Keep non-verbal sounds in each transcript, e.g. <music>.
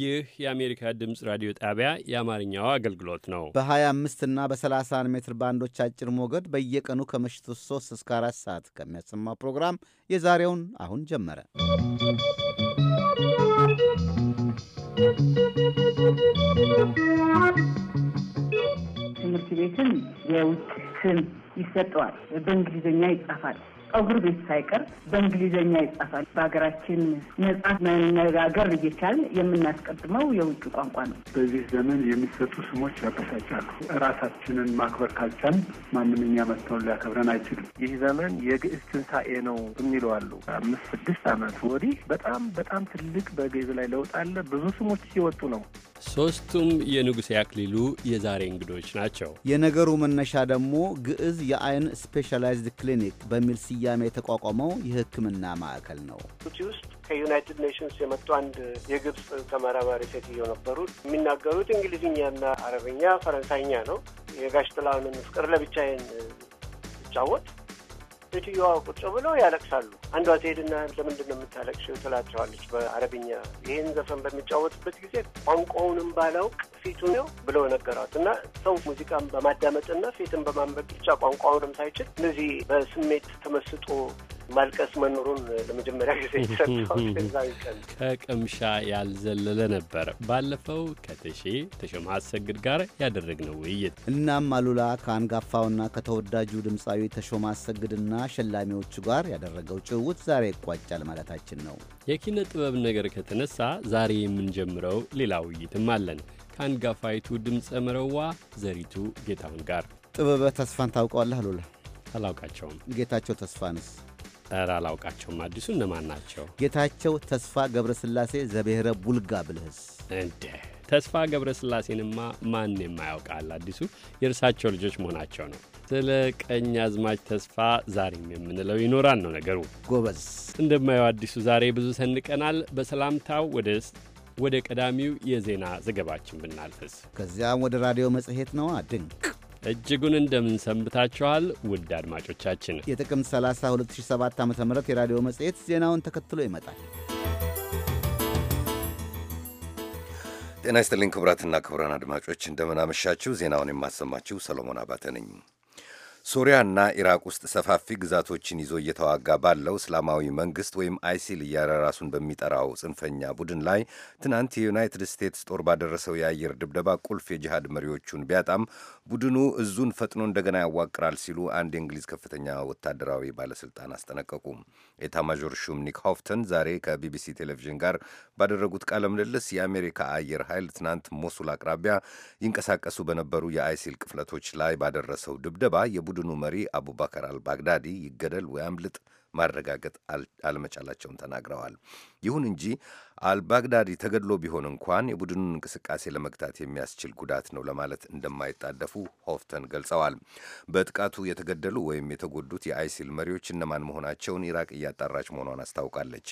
ይህ የአሜሪካ ድምፅ ራዲዮ ጣቢያ የአማርኛው አገልግሎት ነው። በ25 እና በ31 ሜትር ባንዶች አጭር ሞገድ በየቀኑ ከምሽቱ 3 እስከ 4 ሰዓት ከሚያሰማው ፕሮግራም የዛሬውን አሁን ጀመረ። ትምህርት ቤትን የውጭ ስም ይሰጠዋል። በእንግሊዝኛ ይጻፋል። ጸጉር ቤት ሳይቀር በእንግሊዝኛ ይጻፋል። በሀገራችን ነጻ መነጋገር እየቻል የምናስቀድመው የውጭ ቋንቋ ነው። በዚህ ዘመን የሚሰጡ ስሞች ያበሳጫሉ። ራሳችንን ማክበር ካልቻል ማንም እኛ መጥተውን ሊያከብረን አይችልም። ይህ ዘመን የግዕዝ ትንሣኤ ነው የሚለዋሉ። አምስት ስድስት ዓመት ወዲህ በጣም በጣም ትልቅ በግዕዝ ላይ ለውጥ አለ። ብዙ ስሞች ሲወጡ ነው ሦስቱም የንጉሴ አክሊሉ የዛሬ እንግዶች ናቸው። የነገሩ መነሻ ደግሞ ግዕዝ የአይን ስፔሻላይዝድ ክሊኒክ በሚል ስያሜ የተቋቋመው የሕክምና ማዕከል ነው። ጅቡቲ ውስጥ ከዩናይትድ ኔሽንስ የመጡ አንድ የግብፅ ተመራማሪ ሴትዮ ነበሩ። የሚናገሩት እንግሊዝኛና አረብኛ፣ ፈረንሳይኛ ነው። የጋሽ ጥላሁንን ፍቅር ለብቻዬን ሴትዮዋ ቁጭ ብለው ያለቅሳሉ። አንዷ ትሄድና ለምንድን ነው የምታለቅሽው ትላቸዋለች በአረብኛ። ይህን ዘፈን በሚጫወትበት ጊዜ ቋንቋውንም ባላውቅ ፊቱ ነው ብለው ነገሯት እና ሰው ሙዚቃን በማዳመጥና ፊትን በማንበብ ብቻ ቋንቋውንም ሳይችል እነዚህ በስሜት ተመስጦ ማልቀስ መኖሩን ለመጀመሪያ ጊዜ <laughs> ቀምሻ ያልዘለለ ነበር ባለፈው ከተሼ ተሾመ አሰግድ ጋር ያደረግነው ውይይት እናም አሉላ ከአንጋፋውና ከተወዳጁ ድምፃዊ ተሾመ አሰግድና ሸላሚዎቹ ጋር ያደረገው ጭውውት ዛሬ ይቋጫል ማለታችን ነው። የኪነ ጥበብ ነገር ከተነሳ ዛሬ የምንጀምረው ሌላ ውይይትም አለን ከአንጋፋይቱ ድምፀ መረዋ ዘሪቱ ጌታሁን ጋር ጥበበ ተስፋን ታውቀዋለህ? አሉላ አላውቃቸውም። ጌታቸው ተስፋንስ ኧረ አላውቃቸውም። አዲሱ እነማን ናቸው? ጌታቸው ተስፋ ገብረስላሴ ዘብሔረ ቡልጋ ብልህስ እንደ ተስፋ ገብረስላሴንማ ማን የማያውቃል? አዲሱ የእርሳቸው ልጆች መሆናቸው ነው። ስለ ቀኝ አዝማች ተስፋ ዛሬም የምንለው ይኖራል ነው ነገሩ። ጎበዝ እንደማየው አዲሱ ዛሬ ብዙ ሰንቀናል። በሰላምታው ወደ ወደ ቀዳሚው የዜና ዘገባችን ብናልፍስ፣ ከዚያም ወደ ራዲዮ መጽሔት ነዋ። ድንቅ እጅጉን እንደምንሰንብታችኋል ውድ አድማጮቻችን። የጥቅምት 30 2007 ዓ ም የራዲዮ መጽሔት ዜናውን ተከትሎ ይመጣል። ጤና ይስጥልኝ ክቡራትና ክቡራን አድማጮች እንደምናመሻችሁ። ዜናውን የማሰማችሁ ሰሎሞን አባተ ነኝ። ሶሪያና ኢራቅ ውስጥ ሰፋፊ ግዛቶችን ይዞ እየተዋጋ ባለው እስላማዊ መንግስት ወይም አይሲል እያለ ራሱን በሚጠራው ጽንፈኛ ቡድን ላይ ትናንት የዩናይትድ ስቴትስ ጦር ባደረሰው የአየር ድብደባ ቁልፍ የጂሃድ መሪዎቹን ቢያጣም ቡድኑ እዙን ፈጥኖ እንደገና ያዋቅራል ሲሉ አንድ የእንግሊዝ ከፍተኛ ወታደራዊ ባለስልጣን አስጠነቀቁ። ኤታ ማዦር ሹም ኒክ ሆፍተን ዛሬ ከቢቢሲ ቴሌቪዥን ጋር ባደረጉት ቃለ ምልልስ የአሜሪካ አየር ኃይል ትናንት ሞሱል አቅራቢያ ይንቀሳቀሱ በነበሩ የአይሲል ቅፍለቶች ላይ ባደረሰው ድብደባ የቡድኑ መሪ አቡባከር አልባግዳዲ ይገደል ወያምልጥ ማረጋገጥ አለመቻላቸውን ተናግረዋል። ይሁን እንጂ አልባግዳዲ ተገድሎ ቢሆን እንኳን የቡድኑን እንቅስቃሴ ለመግታት የሚያስችል ጉዳት ነው ለማለት እንደማይጣደፉ ሆፍተን ገልጸዋል። በጥቃቱ የተገደሉ ወይም የተጎዱት የአይሲል መሪዎች እነማን መሆናቸውን ኢራቅ እያጣራች መሆኗን አስታውቃለች።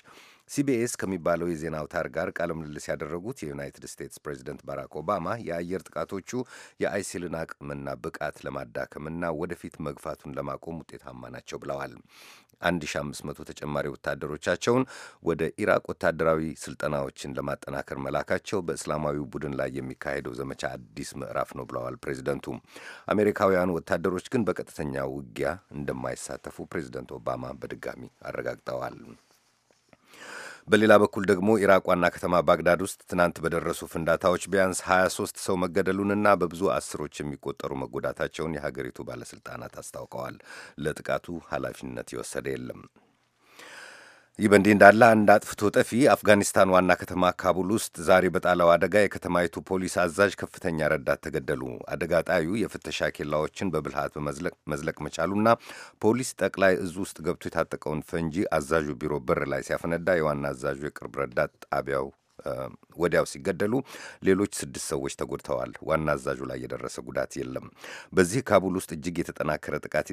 ሲቢኤስ ከሚባለው የዜና አውታር ጋር ቃለ ምልልስ ያደረጉት የዩናይትድ ስቴትስ ፕሬዚደንት ባራክ ኦባማ የአየር ጥቃቶቹ የአይሲልን አቅምና ብቃት ለማዳከምና ወደፊት መግፋቱን ለማቆም ውጤታማ ናቸው ብለዋል። 1500 ተጨማሪ ወታደሮቻቸውን ወደ ኢራቅ ወታደራዊ ስልጠናዎችን ለማጠናከር መላካቸው በእስላማዊው ቡድን ላይ የሚካሄደው ዘመቻ አዲስ ምዕራፍ ነው ብለዋል ፕሬዚደንቱ። አሜሪካውያኑ ወታደሮች ግን በቀጥተኛ ውጊያ እንደማይሳተፉ ፕሬዚደንት ኦባማ በድጋሚ አረጋግጠዋል። በሌላ በኩል ደግሞ ኢራቅ ዋና ከተማ ባግዳድ ውስጥ ትናንት በደረሱ ፍንዳታዎች ቢያንስ 23 ሰው መገደሉንና በብዙ አስሮች የሚቆጠሩ መጎዳታቸውን የሀገሪቱ ባለስልጣናት አስታውቀዋል። ለጥቃቱ ኃላፊነት የወሰደ የለም። ይህ በእንዲህ እንዳለ አንድ አጥፍቶ ጠፊ አፍጋኒስታን ዋና ከተማ ካቡል ውስጥ ዛሬ በጣለው አደጋ የከተማይቱ ፖሊስ አዛዥ ከፍተኛ ረዳት ተገደሉ። አደጋ ጣዩ የፍተሻ ኬላዎችን በብልሃት መዝለቅ መቻሉና ፖሊስ ጠቅላይ እዙ ውስጥ ገብቶ የታጠቀውን ፈንጂ አዛዡ ቢሮ በር ላይ ሲያፈነዳ የዋና አዛዡ የቅርብ ረዳት ጣቢያው ወዲያው ሲገደሉ ሌሎች ስድስት ሰዎች ተጎድተዋል። ዋና አዛዡ ላይ የደረሰ ጉዳት የለም። በዚህ ካቡል ውስጥ እጅግ የተጠናከረ ጥቃት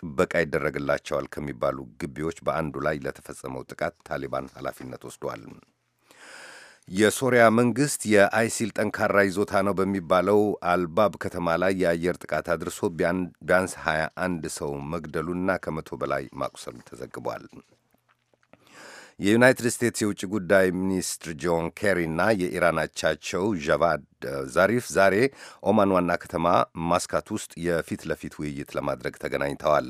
ጥበቃ ይደረግላቸዋል ከሚባሉ ግቢዎች በአንዱ ላይ ለተፈጸመው ጥቃት ታሊባን ኃላፊነት ወስዷል። የሶሪያ መንግስት የአይሲል ጠንካራ ይዞታ ነው በሚባለው አልባብ ከተማ ላይ የአየር ጥቃት አድርሶ ቢያንስ 21 ሰው መግደሉና ከመቶ በላይ ማቁሰሉ ተዘግቧል። የዩናይትድ ስቴትስ የውጭ ጉዳይ ሚኒስትር ጆን ኬሪ የኢራን አቻቸው ዣቫድ ዛሪፍ ዛሬ ኦማን ዋና ከተማ ማስካት ውስጥ የፊት ለፊት ውይይት ለማድረግ ተገናኝተዋል።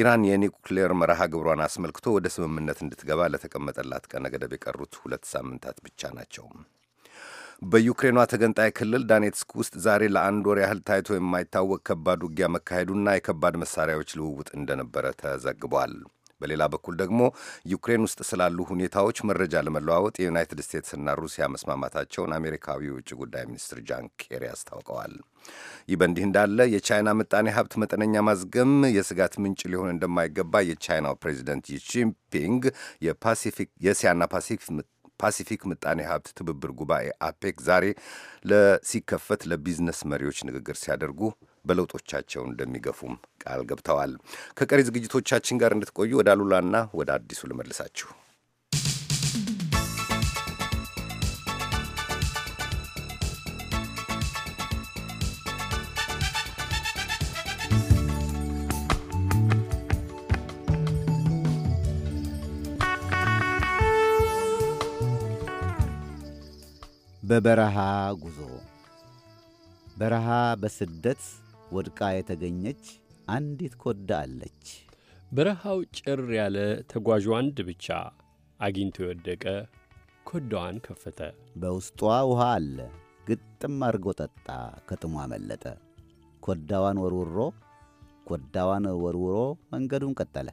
ኢራን የኒውክሌር መርሃ ግብሯን አስመልክቶ ወደ ስምምነት እንድትገባ ለተቀመጠላት ቀነ ገደብ የቀሩት ሁለት ሳምንታት ብቻ ናቸው። በዩክሬኗ ተገንጣይ ክልል ዳኔትስክ ውስጥ ዛሬ ለአንድ ወር ያህል ታይቶ የማይታወቅ ከባድ ውጊያ መካሄዱና የከባድ መሳሪያዎች ልውውጥ እንደነበረ ተዘግቧል። በሌላ በኩል ደግሞ ዩክሬን ውስጥ ስላሉ ሁኔታዎች መረጃ ለመለዋወጥ የዩናይትድ ስቴትስና ሩሲያ መስማማታቸውን አሜሪካዊ የውጭ ጉዳይ ሚኒስትር ጃን ኬሪ አስታውቀዋል። ይህ በእንዲህ እንዳለ የቻይና ምጣኔ ሀብት መጠነኛ ማዝገም የስጋት ምንጭ ሊሆን እንደማይገባ የቻይናው ፕሬዚደንት ጂንፒንግ የፓሲፊክ የእስያና ፓሲፊክ ፓሲፊክ ምጣኔ ሀብት ትብብር ጉባኤ አፔክ ዛሬ ሲከፈት ለቢዝነስ መሪዎች ንግግር ሲያደርጉ በለውጦቻቸው እንደሚገፉም ቃል ገብተዋል። ከቀሪ ዝግጅቶቻችን ጋር እንድትቆዩ ወደ አሉላና ወደ አዲሱ ልመልሳችሁ። በበረሃ ጉዞ በረሃ በስደት ወድቃ የተገኘች አንዲት ኮዳ አለች። በረሃው ጭር ያለ ተጓዡ አንድ ብቻ አግኝቶ የወደቀ ኮዳዋን ከፈተ። በውስጧ ውሃ አለ። ግጥም አድርጎ ጠጣ። ከጥሟ አመለጠ። ኮዳዋን ወርውሮ ኮዳዋን ወርውሮ መንገዱን ቀጠለ።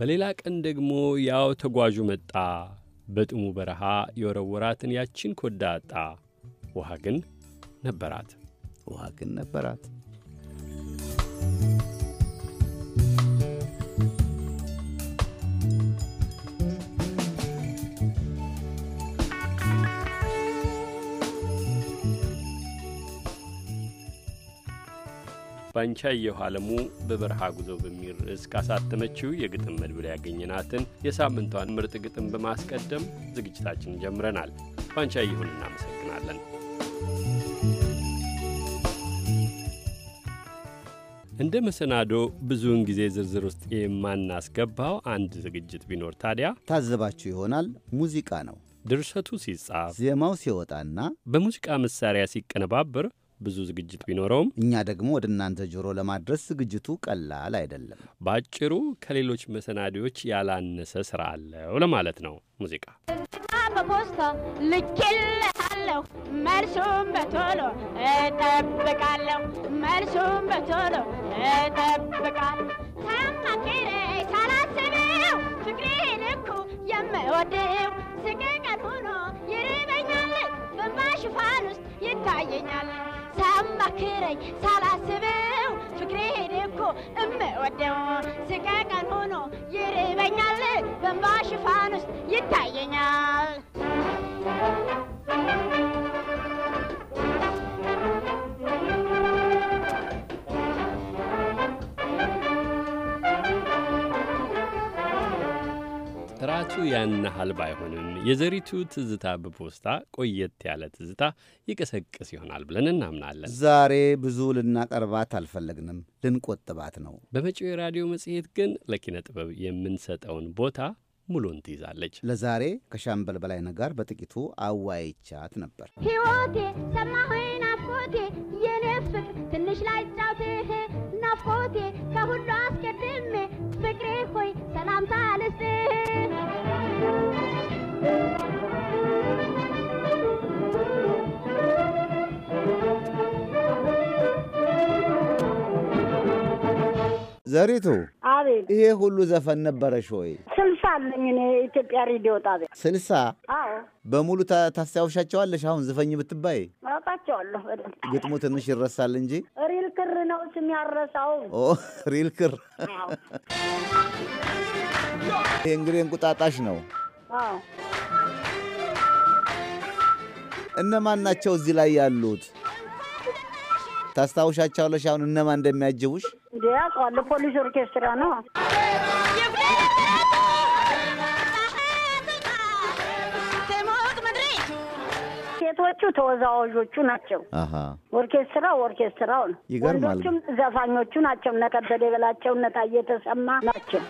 በሌላ ቀን ደግሞ ያው ተጓዡ መጣ። በጥሙ በረሃ የወረወራትን ያችን ኮዳ አጣ። ውሃ ግን ነበራት። ውሃ ግን ነበራት። ባንቻየሁ አለሙ በበረሃ ጉዞ በሚል ርዕስ ካሳተመችው የግጥም መድብል ያገኘናትን የሳምንቷን ምርጥ ግጥም በማስቀደም ዝግጅታችን ጀምረናል። ባንቻየሁን እናመሰግናለን። እንደ መሰናዶ ብዙውን ጊዜ ዝርዝር ውስጥ የማናስገባው አንድ ዝግጅት ቢኖር ታዲያ ታዘባችሁ ይሆናል ሙዚቃ ነው። ድርሰቱ ሲጻፍ ዜማው ሲወጣና በሙዚቃ መሳሪያ ሲቀነባበር ብዙ ዝግጅት ቢኖረውም እኛ ደግሞ ወደ እናንተ ጆሮ ለማድረስ ዝግጅቱ ቀላል አይደለም። በአጭሩ ከሌሎች መሰናዶዎች ያላነሰ ስራ አለው ለማለት ነው። ሙዚቃ በፖስታ ልኬልሃለሁ፣ መልሱም በቶሎ እጠብቃለሁ፣ መልሱም በቶሎ እጠብቃለሁ። ሳላስበው የምወደው ሆኖ ይርበኛል በማሽፋን ውስጥ ይታየኛል። ሳማክረኝ ሳላስበው ሄደ እኮ እምወደው ስጋ ቀን ሆኖ ይርበኛል፣ በእንባ ሽፋን ውስጥ ይታየኛል። Thank you. ጥራቱ ያን ሀል ባይሆንም የዘሪቱ ትዝታ በፖስታ ቆየት ያለ ትዝታ ይቀሰቅስ ይሆናል ብለን እናምናለን። ዛሬ ብዙ ልናቀርባት አልፈለግንም፣ ልንቆጥባት ነው። በመጪው የራዲዮ መጽሔት ግን ለኪነ ጥበብ የምንሰጠውን ቦታ ሙሉን ትይዛለች። ለዛሬ ከሻምበል በላይ ነጋር በጥቂቱ አዋይቻት ነበር። ሕይወቴ ሰማኸኝ ናፍቆቴ የኔ ፍቅር ትንሽ ላይ ጫውትህ ናፍቆቴ ከሁሉ አስቀድሜ ሆይ ሰላምታ ልስጥ። ዘሪቱ አቤት፣ ይሄ ሁሉ ዘፈን ነበረሽ ወይ? ስልሳ አለኝ እኔ ኢትዮጵያ ሬዲዮ ጣቢያ ስልሳ አዎ። በሙሉ ታስታውሻቸዋለሽ? አሁን ዝፈኝ ብትባይ አውቃቸዋለሁ። ግጥሙ ትንሽ ይረሳል እንጂ መቼም ያረሳውም ሪል ክር እንግዲህ እንቁጣጣሽ ነው። እነማን ናቸው እዚህ ላይ ያሉት? ታስታውሻቸዋለሽ? አሁን እነማን እንደሚያጅቡሽ? ዲያቋል ፖሊስ ኦርኬስትራ ነው። ሴቶቹ ተወዛዋዦቹ ናቸው። ኦርኬስትራ ኦርኬስትራው ነው። ወንዶቹም ዘፋኞቹ ናቸው። እነ ከበደ በላቸው፣ እነ ታዬ ተሰማ ናቸው።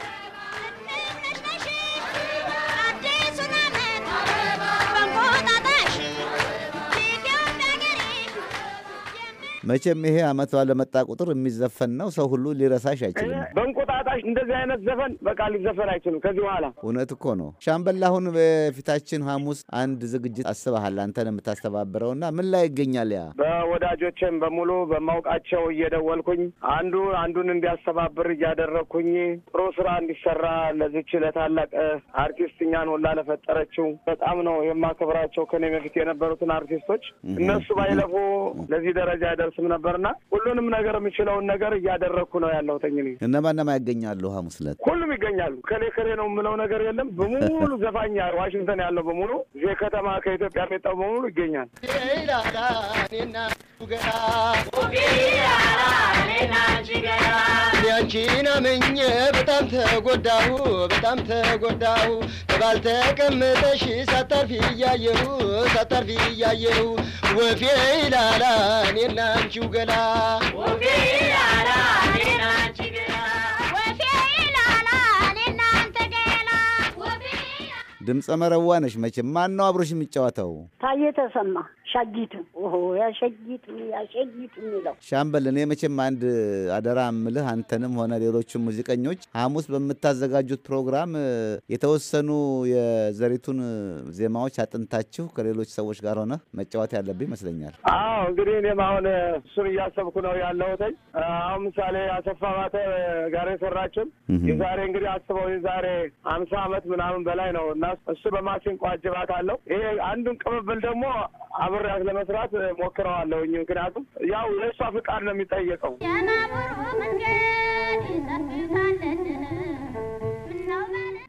መቼም ይሄ አመቷ ለመጣ ቁጥር የሚዘፈን ነው። ሰው ሁሉ ሊረሳሽ አይችልም። በእንቁጣጣሽ እንደዚህ አይነት ዘፈን በቃ ሊዘፈን አይችልም ከዚህ በኋላ። እውነት እኮ ነው ሻምበል። አሁን በፊታችን ሐሙስ አንድ ዝግጅት አስበሃል አንተን የምታስተባብረውና ምን ላይ ይገኛል ያ? በወዳጆቼም በሙሉ በማውቃቸው እየደወልኩኝ አንዱ አንዱን እንዲያስተባብር እያደረግኩኝ ጥሩ ስራ እንዲሰራ ለዚች ለታላቅ አርቲስት እኛን ሁላ ለፈጠረችው በጣም ነው የማከብራቸው ከኔ በፊት የነበሩትን አርቲስቶች እነሱ ባይለፉ ለዚህ ደረጃ አልደርስም ነበርና ሁሉንም ነገር የምችለውን ነገር እያደረግኩ ነው ያለሁት። እኔ እነማነማ ያገኛሉ ሐሙስ ዕለት ሁሉም ይገኛሉ። ከሌ ከሌ ነው የምለው ነገር የለም። በሙሉ <laughs> ዘፋኛ ዋሽንግተን ያለው በሙሉ ዜ ከተማ ከኢትዮጵያ የሚጣው በሙሉ ይገኛል። ያቺን አምኜ በጣም ተጎዳሁ፣ በጣም ተጎዳሁ። ባልተቀምጠሽ ሳታርፊ እያየሁ፣ ሳታርፊ እያየሁ ወፌ ይላላ እኔና አንቺው ገላ ድምፀ መረዋ ነሽ መቼም። ማን ነው አብሮሽ የሚጫወተው? ታዬ ተሰማ ሸጊቱ ያሸጊት ያሸጊት የሚለው ሻምበል፣ እኔ መቼም አንድ አደራ ምልህ አንተንም ሆነ ሌሎችም ሙዚቀኞች ሐሙስ በምታዘጋጁት ፕሮግራም የተወሰኑ የዘሪቱን ዜማዎች አጥንታችሁ ከሌሎች ሰዎች ጋር ሆነ መጫወት ያለብህ ይመስለኛል። አዎ እንግዲህ እኔም አሁን እሱን እያሰብኩ ነው ያለሁትኝ። አሁን ምሳሌ አሰፋ ማተ ጋር የሰራችን የዛሬ እንግዲህ አስበው የዛሬ አምሳ ዓመት ምናምን በላይ ነው እና እሱ በማሲንቆ አጅባት አለው። ይሄ አንዱን ቅብብል ደግሞ አብሬያት ለመስራት ሞክረዋለሁኝ። ምክንያቱም ያው ለእሷ ፍቃድ ነው የሚጠየቀው።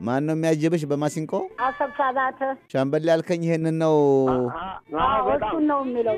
ማን ነው የሚያጀበሽ በማሲንቆ አሰብሳባት ሻምበል ያልከኝ ይህንን ነው እሱን ነው የሚለው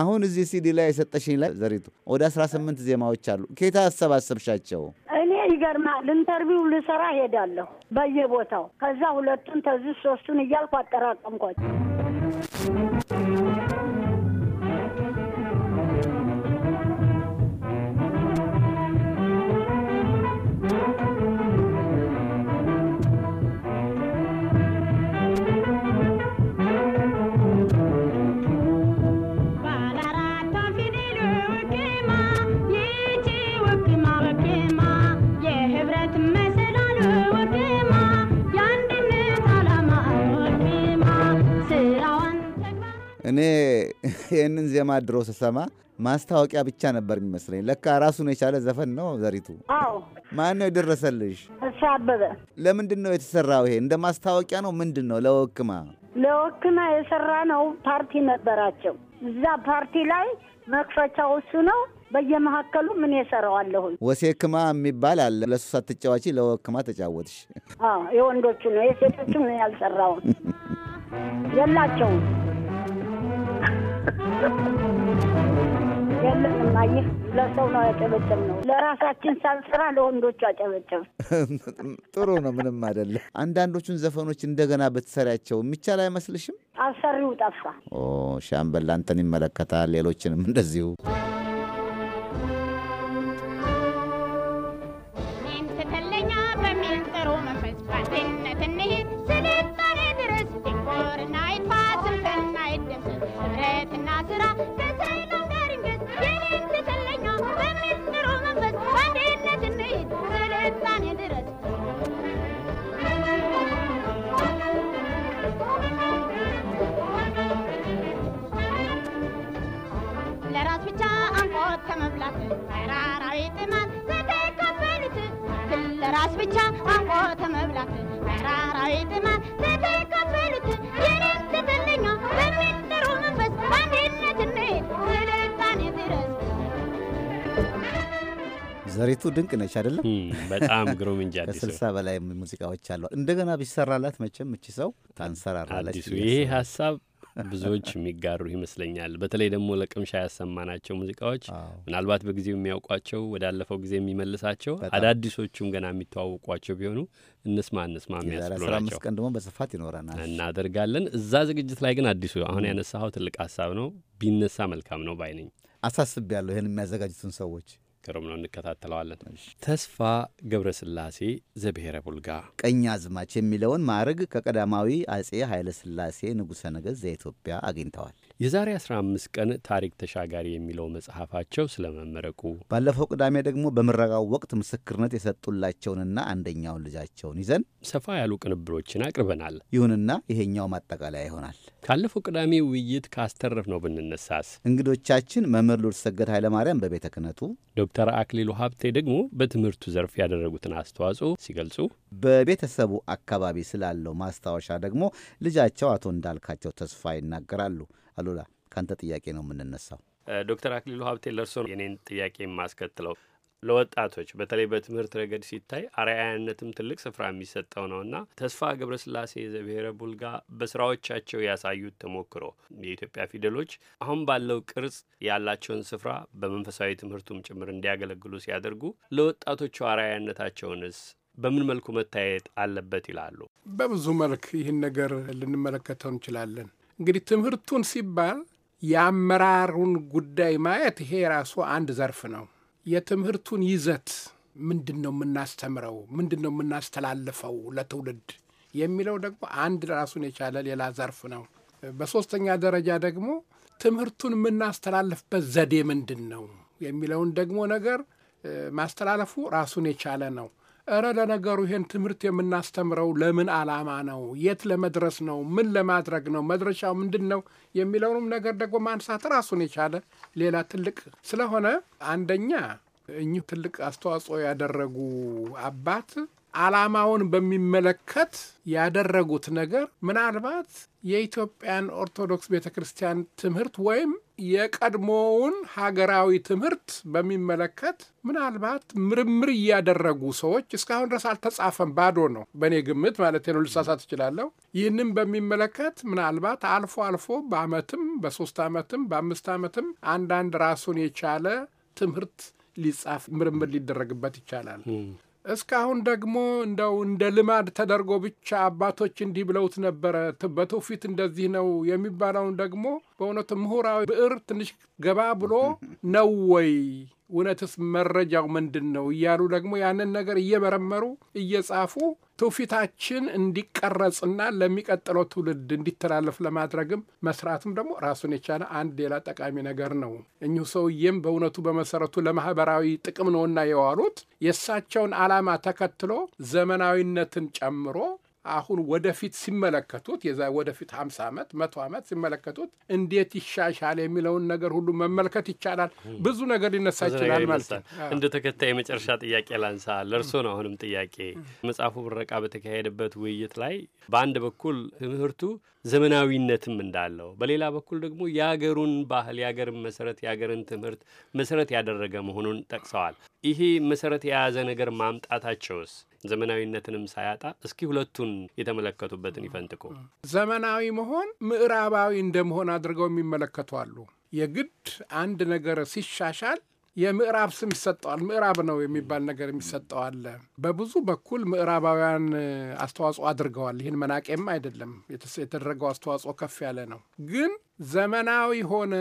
አሁን እዚህ ሲዲ ላይ የሰጠሽኝ ላይ ዘሪቱ ወደ 18 ዜማዎች አሉ። ኬታ አሰባሰብሻቸው? እኔ ይገርማል። ኢንተርቪው ልሰራ ሄዳለሁ በየቦታው። ከዛ ሁለቱን ተዚህ ሶስቱን እያልኩ አጠራቀምኳቸው። ይህንን ዜማ ድሮ ስሰማ ማስታወቂያ ብቻ ነበር የሚመስለኝ። ለካ ራሱን የቻለ ዘፈን ነው። ዘሪቱ፣ ማን ነው የደረሰልሽ? አበበ። ለምንድን ነው የተሰራው? ይሄ እንደ ማስታወቂያ ነው ምንድን ነው? ለወክማ ለወክማ የሰራ ነው። ፓርቲ ነበራቸው። እዛ ፓርቲ ላይ መክፈቻው እሱ ነው። በየመካከሉ ምን የሰራዋለሁ ወሴክማ የሚባል አለ። ለሱ ሳትጫዋች ለወክማ ተጫወትሽ። የወንዶቹ ነው የሴቶቹ ነው ያልሰራውን የላቸውም። <laughs> ለሰው ነው ያጨበጨብ ነው። ለራሳችን ሳንሰራ ለወንዶቹ አጨበጨብ። ጥሩ ነው። ምንም አይደለም። አንዳንዶቹን ዘፈኖች እንደገና ብትሰሪያቸው የሚቻል አይመስልሽም? አሰሪው ጠፋ። ሻምበል አንተን ይመለከታል፣ ሌሎችንም እንደዚሁ ራስ ብቻ አቆተ መብላት ጥማት ተተካፈሉት የኔም መንፈስ በአንድነት እንሄድ ስልጣኔ ድረስ ዘሪቱ ድንቅ ነች አይደለም? በጣም ግሩም እንጂ አዲሱ ከስልሳ በላይ ሙዚቃዎች አሏል። እንደገና ቢሰራላት መቼም እቺ ሰው ታንሰራራለች። ይሄ ሀሳብ ብዙዎች የሚጋሩ ይመስለኛል። በተለይ ደግሞ ለቅምሻ ያሰማናቸው ሙዚቃዎች ምናልባት በጊዜው የሚያውቋቸው ወዳለፈው ጊዜ የሚመልሳቸው አዳዲሶቹም ገና የሚተዋወቋቸው ቢሆኑ እንስማ እንስማ የሚያስብሎ ቀን ደግሞ በስፋት ይኖረናል እናደርጋለን። እዛ ዝግጅት ላይ ግን አዲሱ አሁን ያነሳኸው ትልቅ ሀሳብ ነው፣ ቢነሳ መልካም ነው ባይነኝ አሳስብ ያለሁ ይህን የሚያዘጋጁትን ሰዎች ግሩም ነው። እንከታተለዋለን። ተስፋ ገብረስላሴ ዘብሔረ ቡልጋ ቀኝ አዝማች የሚለውን ማዕረግ ከቀዳማዊ አጼ ኃይለስላሴ ንጉሠ ነገሥት ዘኢትዮጵያ አግኝተዋል። የዛሬ 15 ቀን ታሪክ ተሻጋሪ የሚለው መጽሐፋቸው ስለመመረቁ፣ ባለፈው ቅዳሜ ደግሞ በምረቃው ወቅት ምስክርነት የሰጡላቸውንና አንደኛውን ልጃቸውን ይዘን ሰፋ ያሉ ቅንብሮችን አቅርበናል። ይሁንና ይሄኛው ማጠቃለያ ይሆናል። ካለፈው ቅዳሜ ውይይት ካስተረፍ ነው ብንነሳስ፣ እንግዶቻችን መምህር ሉልሰገድ ኃይለማርያም በቤተ ክህነቱ፣ ዶክተር አክሊሉ ሀብቴ ደግሞ በትምህርቱ ዘርፍ ያደረጉትን አስተዋጽኦ ሲገልጹ፣ በቤተሰቡ አካባቢ ስላለው ማስታወሻ ደግሞ ልጃቸው አቶ እንዳልካቸው ተስፋ ይናገራሉ። አሉላ ከአንተ ጥያቄ ነው የምንነሳው። ዶክተር አክሊሉ ሀብቴ ለእርሶ የኔን ጥያቄ የማስከትለው ለወጣቶች በተለይ በትምህርት ረገድ ሲታይ አርአያነትም ትልቅ ስፍራ የሚሰጠው ነውና ተስፋ ገብረስላሴ ዘብሔረ ቡልጋ በስራዎቻቸው ያሳዩት ተሞክሮ የኢትዮጵያ ፊደሎች አሁን ባለው ቅርጽ ያላቸውን ስፍራ በመንፈሳዊ ትምህርቱም ጭምር እንዲያገለግሉ ሲያደርጉ ለወጣቶቹ አርአያነታቸውንስ በምን መልኩ መታየት አለበት ይላሉ? በብዙ መልክ ይህን ነገር ልንመለከተው እንችላለን። እንግዲህ ትምህርቱን ሲባል የአመራሩን ጉዳይ ማየት ይሄ ራሱ አንድ ዘርፍ ነው። የትምህርቱን ይዘት ምንድን ነው የምናስተምረው፣ ምንድን ነው የምናስተላልፈው ለትውልድ የሚለው ደግሞ አንድ ራሱን የቻለ ሌላ ዘርፍ ነው። በሶስተኛ ደረጃ ደግሞ ትምህርቱን የምናስተላልፍበት ዘዴ ምንድን ነው የሚለውን ደግሞ ነገር ማስተላለፉ ራሱን የቻለ ነው። እረ ለነገሩ ይሄን ትምህርት የምናስተምረው ለምን ዓላማ ነው? የት ለመድረስ ነው? ምን ለማድረግ ነው? መድረሻው ምንድን ነው? የሚለውንም ነገር ደግሞ ማንሳት ራሱን የቻለ ሌላ ትልቅ ስለሆነ አንደኛ እኚህ ትልቅ አስተዋጽኦ ያደረጉ አባት ዓላማውን በሚመለከት ያደረጉት ነገር ምናልባት የኢትዮጵያን ኦርቶዶክስ ቤተ ክርስቲያን ትምህርት ወይም የቀድሞውን ሀገራዊ ትምህርት በሚመለከት ምናልባት ምርምር እያደረጉ ሰዎች እስካሁን ድረስ አልተጻፈም፣ ባዶ ነው። በእኔ ግምት ማለት ነው፣ ልሳሳት እችላለሁ። ይህንም በሚመለከት ምናልባት አልፎ አልፎ በአመትም በሶስት አመትም በአምስት አመትም አንዳንድ ራሱን የቻለ ትምህርት ሊጻፍ ምርምር ሊደረግበት ይቻላል። እስካሁን ደግሞ እንደው እንደ ልማድ ተደርጎ ብቻ አባቶች እንዲህ ብለውት ነበረ፣ በትውፊት እንደዚህ ነው የሚባለውን ደግሞ በእውነቱ ምሁራዊ ብዕር ትንሽ ገባ ብሎ ነው ወይ እውነትስ መረጃው ምንድን ነው እያሉ ደግሞ ያንን ነገር እየመረመሩ እየጻፉ ትውፊታችን እንዲቀረጽና ለሚቀጥለው ትውልድ እንዲተላለፍ ለማድረግም መስራትም ደግሞ ራሱን የቻለ አንድ ሌላ ጠቃሚ ነገር ነው። እኚሁ ሰውዬም በእውነቱ በመሰረቱ ለማህበራዊ ጥቅም ነውና የዋሉት የእሳቸውን ዓላማ ተከትሎ ዘመናዊነትን ጨምሮ አሁን ወደፊት ሲመለከቱት የዛ ወደፊት 50 ዓመት መቶ ዓመት ሲመለከቱት እንዴት ይሻሻል የሚለውን ነገር ሁሉ መመልከት ይቻላል። ብዙ ነገር ሊነሳ ይችላል ማለት ነው። እንደ ተከታይ የመጨረሻ ጥያቄ ላንሳ። ለርሶ ነው አሁንም ጥያቄ። መጽሐፉ ምረቃ በተካሄደበት ውይይት ላይ በአንድ በኩል ትምህርቱ ዘመናዊነትም እንዳለው፣ በሌላ በኩል ደግሞ የአገሩን ባህል የአገርን መሰረት የአገርን ትምህርት መሰረት ያደረገ መሆኑን ጠቅሰዋል። ይሄ መሰረት የያዘ ነገር ማምጣታቸውስ ዘመናዊነትንም ሳያጣ እስኪ ሁለቱን የተመለከቱበትን ይፈንጥቁ። ዘመናዊ መሆን ምዕራባዊ እንደመሆን አድርገው የሚመለከቱ አሉ። የግድ አንድ ነገር ሲሻሻል የምዕራብ ስም ይሰጠዋል። ምዕራብ ነው የሚባል ነገር የሚሰጠው አለ። በብዙ በኩል ምዕራባውያን አስተዋጽኦ አድርገዋል። ይህን መናቄም አይደለም፣ የተደረገው አስተዋጽኦ ከፍ ያለ ነው። ግን ዘመናዊ ሆነ